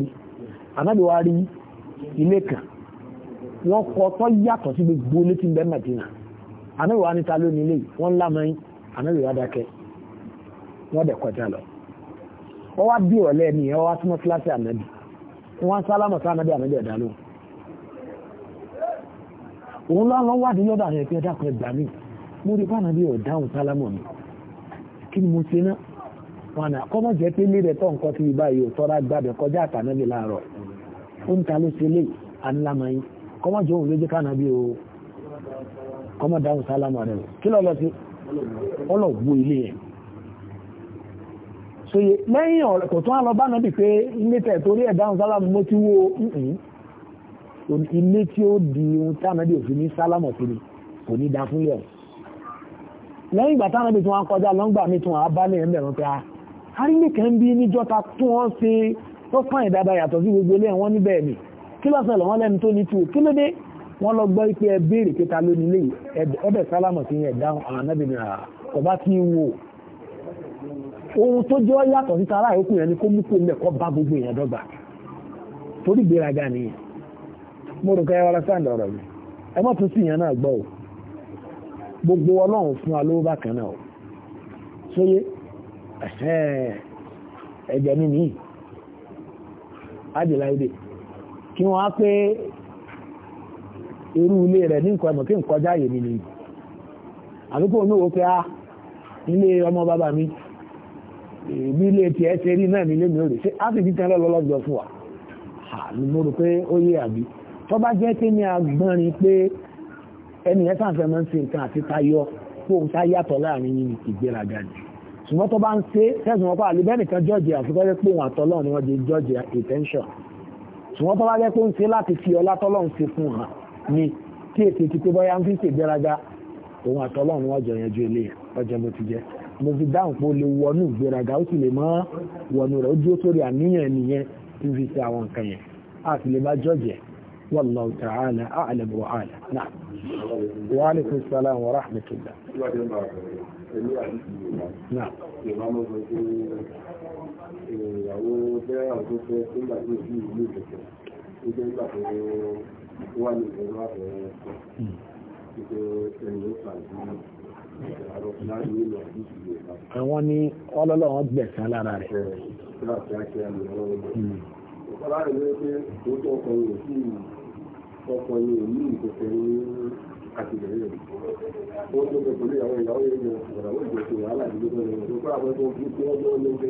náà wọ́n kọ́ tọ́ yàtọ̀ sí gbogbo ti bẹ́ẹ̀ mẹ́tìnà anáwòrán níta lónìí lè wọ́n lámọ́yìn anáwòrán dákẹ́ wọ́n dẹ̀ kọjá lọ wọ́n wá bí ọ̀lẹ́ ni ẹ̀ wá súnmọ́ kíláàsì ànábì wọ́n sálámọ̀ sí ànábì ànábì ẹ̀dá òun lọ́n lọ wádìí lọ́dọ̀ àwọn ẹ̀gbà mo rí sálámọ̀ mi kí ni mo ná wọn à ń kọmọ jẹun ló jẹ́ kánà bí o kọmọ dáhùn sálámà rẹ̀ kí lọ lọ sí ọlọ̀gbọ́ ilé ẹ̀ so lẹ́yìn ọ̀rẹ́ kò tún àlọ́ bá náà bí pé ilé tẹ̀ torí ẹ̀ dáhùn sálámà mo ti wo ilé tí ó di ohun tánà bí òfin ní sálámà kiri kò ní dá fúnlẹ̀ ọ̀ lẹ́yìn ìgbà tánà bí tún wá kọjá lọ́ngbà mi tún wá bá lẹ̀ ń bẹ̀rún pé a kí lọ́sẹ̀ lọ́wọ́ lẹ́nu tó ní tú kí ló dé wọ́n lọ gbọ́ pé ẹ béèrè pé ta ló nílé ẹbẹ̀ sálámọ̀ sí yẹn dáhùn àwọn anábìnrin àrà kò bá ti wò ohun tó jẹ́ yàtọ̀ síta ara ìyókù yẹn ni kó mú kó mẹ́kọ́ bá gbogbo èèyàn dọ́gba torí gbéraga nìyẹn mo rò kẹ́yà wọlé sáǹdà ọ̀rọ̀ mi ẹ mọ́ tún sí yẹn náà gbọ́ o gbogbo ọlọ́run fún wa lówó bákan náà o sóyé ẹ̀jẹ̀ mi nìyí adìláyé kí wọ́n á pé irú ilé rẹ̀ ní nǹkan ẹ̀mọ̀ kí n kọjá yè mi nìyí àbíkò ní òwò pé á ah, ilé ọmọ bàbá mi ìbí ilé tí ẹ ṣe rí náà nílé mi ò rè ṣe á sì fi tẹ́lẹ̀ lọ́lọ́gbọ̀ fún wa àmì mo rò pé ó yé àbí tó bá jẹ́ pé ní agbọ́nrin pé ẹni ẹ sàǹfẹ́ máa ń nǹkan àti tayọ kó o ta yàtọ̀ láàrin yìí ìgbéraga jù ṣùgbọ́n tó bá ń ṣe sẹ́sùn wọn àlebẹ́nìkan jọ́ọ̀jì àfikọ́jẹ́ pé òun àtọ́lọ́ ni wọ́n di attention ṣùgbọ́n tó bá jẹ́ pé ń ṣe láti fi ọlá tọ́lọ́run ṣe fún hàn ni tí èsì ti pé bọ́yá ń fi ṣègbéraga òun àtọ́lọ́run wọ́n jọ yanjú ilé ọjọ́ bó ti jẹ́ mo fi dáhùn pé ó lè wọnú ìgbéraga ó sì lè mọ́ wọnú rẹ̀ ó dúró sórí àníyàn nìyẹn tí fi ṣe àwọn nǹkan yẹn a sì lè bá jọ́jẹ̀ wallahu ta'ala a'lam wa a'lam na'am wa alaykum salam wa rahmatullah na'am ìyàwó bẹ́ẹ̀ àwọn tó gbà ní ìlú ìlú ìjọba tó jẹ́ nígbà tó wà ní ìlú àbẹ̀rẹ̀ ìjọ ẹ̀yìn ó fà ní àwọn ní ọlọ́lọ́wọ́ gbẹ̀sán lára rẹ̀. Ọlọ́run ló hmm. pé òótọ́ ọkọ̀ yìí sí ọkọ̀ yìí ní ìkọ̀kọ̀ ní àtìlẹ́yìn rẹ̀. Ó tó kẹ̀kọ́ àwọn ìyàwó yẹn jẹ́ ọ̀rọ̀ ìjọsìn wàhálà ìdílé lọ́wọ́. Ó kọ́ àwọn tó ń fi ọjọ́ lóúnjẹ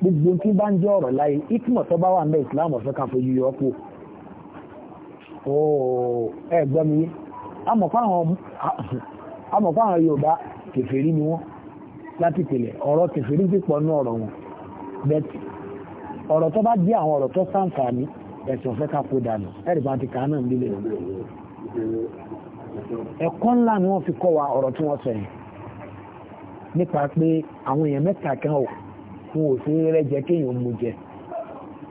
gbogbo tí bá ń jẹ́ ọ̀rọ̀ láyé ìtumọ̀ tó bá wà ń bẹ ìsìláàmù ọ̀fẹ́ kan fojú yọ ọ́pọ̀ ẹ gbọ́ mi amọ̀pá àwọn Yorùbá kèfèrí ni wọ́n láti pèlẹ̀ ọ̀rọ̀ kèfèrí ti pọ̀ ní ọ̀rọ̀ wọn bẹ́ẹ̀tì ọ̀rọ̀ tó bá jẹ́ àwọn ọ̀rọ̀ tó sáǹfààní ẹ̀sùn ọ̀fẹ́ ká kó dànù ẹ̀rì bá ti kà náà nílé ẹ̀kọ́ ńlá ni wọ́n fi kọ́ wa ọ̀rọ̀ tí wọ́n sọ yìí nípa pé àwọn èèyàn mẹ́ta kan fún òṣèré rẹ́jẹ kéèyàn mú jẹ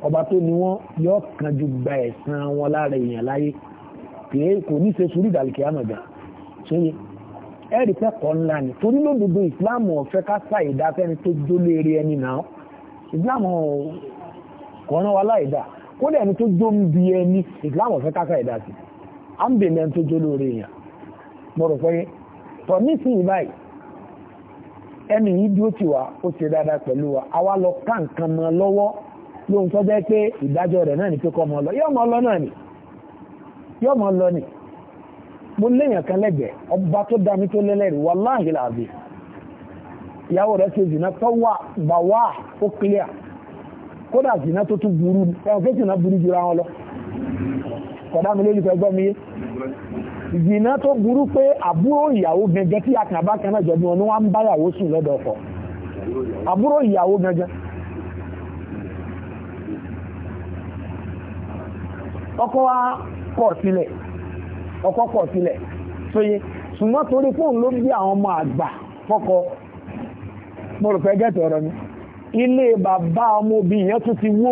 ọba tó ni wọ́n yọ kánjú gba ẹ̀san wọn lára èèyàn láyé kò ní ṣe sùúrù ìdàlùkì àmọ̀gà ṣéyẹ ẹ̀rí fẹ́kọ̀ọ́ ńlá ni torí lódodo ìsìláàmù ọ̀fẹ́ ká ṣàìdá fẹ́ni tó jóléré ẹni náà ìsìláàmù kọ̀ọ̀nà wa láìdá kódà ẹni tó jó ń bi ẹni ìsìláàmù ọ̀fẹ́ ká ṣàìdá sí i ẹni tó jóléré èèyàn mọ̀rọ̀ pé tọ̀ nísìnyí báyìí ẹni yìí dúró tì wá ó ṣe dáadáa pẹ̀lú wa àwa lọ ká nǹkan mọ́ lọ́wọ́ lóhun tó jẹ́ pé ìdájọ́ rẹ̀ náà ni pé kọ́ mọ́ lọ yọ́ ni yọ́ lọ mo léèyàn kan lẹ́gbẹ̀ẹ́ ọba tó dami tó lẹ́lẹ́rìí wàláhì làbí ìyàwó rẹ̀ ṣe zìnà tó wà gbà wá ó clear kódà zìnà tó tún burú ẹ̀wọ̀n fẹ́ zìnà burú jura wọn lọ kọ̀dá mi lójú ìgbìnà tó burú pé àbúrò ìyàwó gẹ́gẹ́ tí àkàbá kan náà jọdún ọ̀nà wọ́n ń bá sùn lọ́dọ̀ ọkọ àbúrò ìyàwó gẹ́gẹ́ ọkọ wa kọ̀ sílẹ̀ ọkọ kọ̀ sílẹ̀ sóye ṣùgbọ́n torí fóun ló bí àwọn ọmọ àgbà fọ́kọ mo rò fẹ́ ọ̀rọ̀ ọmọ obìnrin yẹn ti wó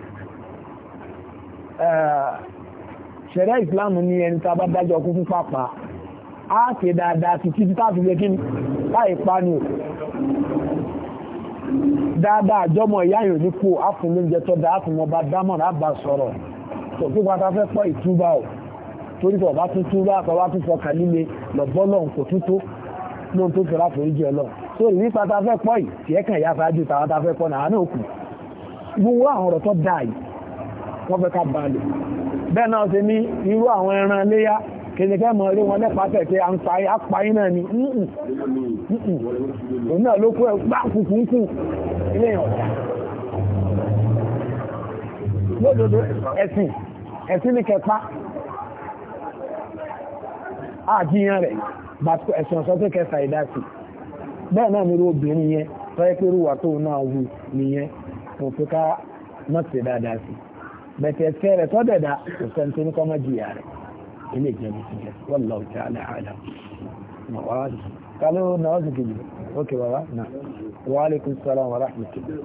ṣẹ̀rẹ́ ìsìláàmù ní ẹni tàbá dájọ́ kú fún pàpà á ṣe dáadáa ti títí táàfi lé kí láì pánù dáadáa àjọmọ̀ ìyá yìí ní kú áfúnlóúnjẹ tó dáa fún ọba dámọ̀ràn àbá sọ̀rọ̀ tó kí pátá fẹ́ pọ̀ ìtúbà ò torí tó ọba tún túbà àpọ̀wá tún fọkà líle lọ́bọ́lọ̀ kò tútó lóhun tó fẹ́ra foríjì ọlọ́ tó ní pátá fẹ́ pọ̀ ì tí ẹ̀kàn ìyá fàájú tàwọn tá fẹ́ pọ̀ náà náà kù gbogbo àwọn ọ̀rọ̀ tó dáa yìí wọ́n fẹ́ ká balẹ̀ bẹ́ẹ̀ náà ṣe ní irú àwọn ẹran léyá kìnnìkẹ́ mọ̀ rí wọn lẹ́pàá pé à ń parí apáyí náà ni òun náà ló kú ẹ̀ gbá kùkù ń kù ilé ọ̀dà lódodo ẹ̀sìn ẹ̀sìn ní kẹpa àjíyàn rẹ̀ ẹ̀sìn ọ̀sọ́ tó kẹfà ìdásí bẹ́ẹ̀ náà ni irú obìnrin yẹn tọ́yẹ́ pé irú wà tó náà wù nìyẹn òfin ká mọ̀ sí dáadáa sí bẹ̀tẹ̀ ẹ̀fẹ́ rẹ̀ tọ́ dẹ̀dá kò sẹ́ni tó ní kọ́ mọ́ jìyà rẹ̀ ilé ìjẹun ti jẹ wallahu ta'ala a'lam kálọ́ náà sì kejì ókè bàbá náà wa alaikum salam wa rahmatullah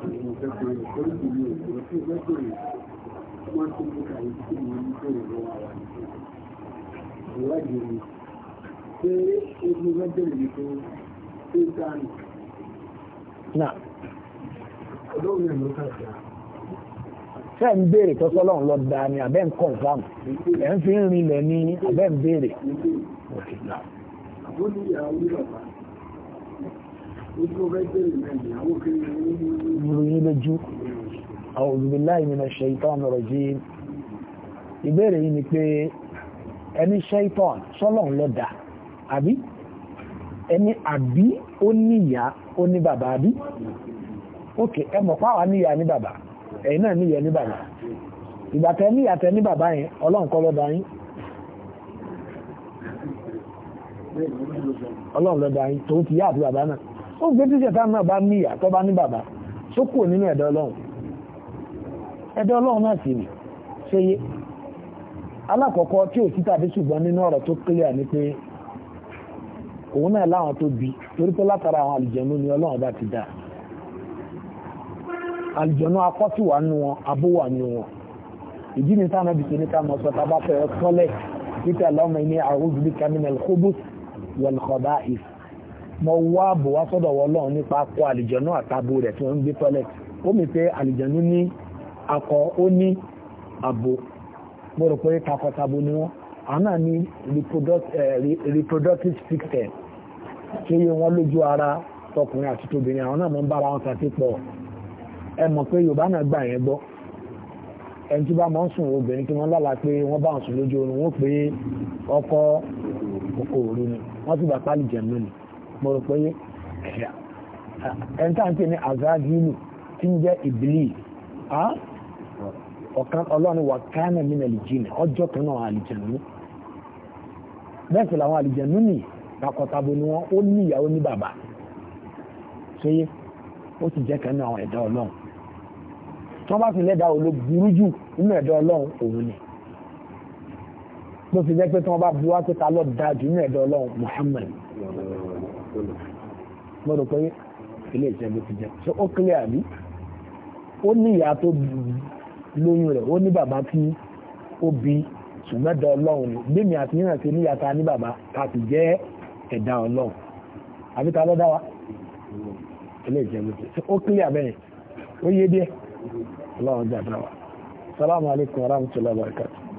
Náà. Ọlọ́run ẹ̀mọ́ káàkiri fẹ́ ń béèrè tọ́sọ́ lọ́run lọ da ni abẹ́ ń confam ẹ̀ ń fi ń rinlẹ̀ ni abẹ́ ń béèrè. ìròyìn lójú a'udhu billahi minash shaitanir rajim ìbéèrè yìí ni pé ẹni ṣaitan sọ́lọ́run lọ da àbí ẹni àbí ó níyà ó ní bàbá àbí ókè ẹ mọ̀ pàwọn níyà ní bàbá. ẹ̀yin náà níyẹ ní bàbá ìgbà tẹ́ ní ìyàtẹ́ ní bàbá yẹn ọlọ́run kọ́ lọ́dọ̀ yín ọlọ́run lọ́dọ̀ yín tó ti yá àti bàbá náà ó gbé tíṣẹ̀ táwọn náà bá ní tó bá ní bàbá tó kù nínú ẹ̀dọ̀ ọlọ́run ẹ̀dọ̀ ọlọ́run náà sì rì ṣeye Alakọkọ alákọ̀ọ́kọ́ tí ò ṣùgbọ́n nínú ọ̀rọ̀ tó pé òun náà láwọn tó látara ti dáa àlùjọ̀nà akọ́tìwà nù wọn abówà nù wọn ìdí ni sáà nàbì tó ní ká mọ̀ sọ tábà fẹ́ tọ́lẹ̀ títẹ̀ lọ́mọ ní a'udhu bika minal khubuth wal khaba'ith mọ wá bò wá sọ́dọ̀ wọ lọ́run nípa akọ àlùjọ̀nà àtàbò rẹ̀ tí wọ́n ń gbé tọ́lẹ̀ ó mi pé àlùjọ̀nà ní akọ ó ní àbò mo rò pé takọtabo ni wọ́n àná ní eh, reproductive system kéye wọn lójú ara tọkùnrin àti tóbìnrin àwọn náà mọ̀ ń bára wọn tàbí ẹ mọ̀ pé yorùbá náà gbà yẹn gbọ́ ẹni tí bá máa sùn obìnrin tí wọ́n lálàá pé wọ́n bá sùn lójú oorun wọ́n pé ọkọ kòkòrò ni wọ́n ti gbà pálí jẹ̀mú ni mo rò pé ẹni tá ń pè ní azazilu tí ń ọlọ́run wà nínú àlìjìnà ọjọ́ kan náà bẹ́ẹ̀ sì làwọn nì ni ó ní ìyàwó ní bàbá ó sì jẹ́ tí wọ́n bá fi lẹ́dàá ò ló burú jù nínú ẹ̀dá ọlọ́run òun ni ló fi jẹ́ pé tí bá buwá pé ta lọ da jù nínú ẹ̀dá ọlọ́run Muhammad mo rò pé ilé ìṣẹ́ ti jẹ́ so ó clear àbí ó ní ìyá tó lóyún rẹ̀ ó ní bàbá tí ó bí ṣùgbọ́n ẹ̀dá ọlọ́run ni bí mi àti yíyan ti ní ìyá ta ní bàbá ta sì jẹ́ ẹ̀dá ọlọ́run àbí ta ló dá wa ilé ìṣẹ́ ló ti ó clear àbẹ́yẹn ó yé díẹ̀ ọlọ́run jàdá wa salamu alaykum wa rahmatullahi wa barakatuh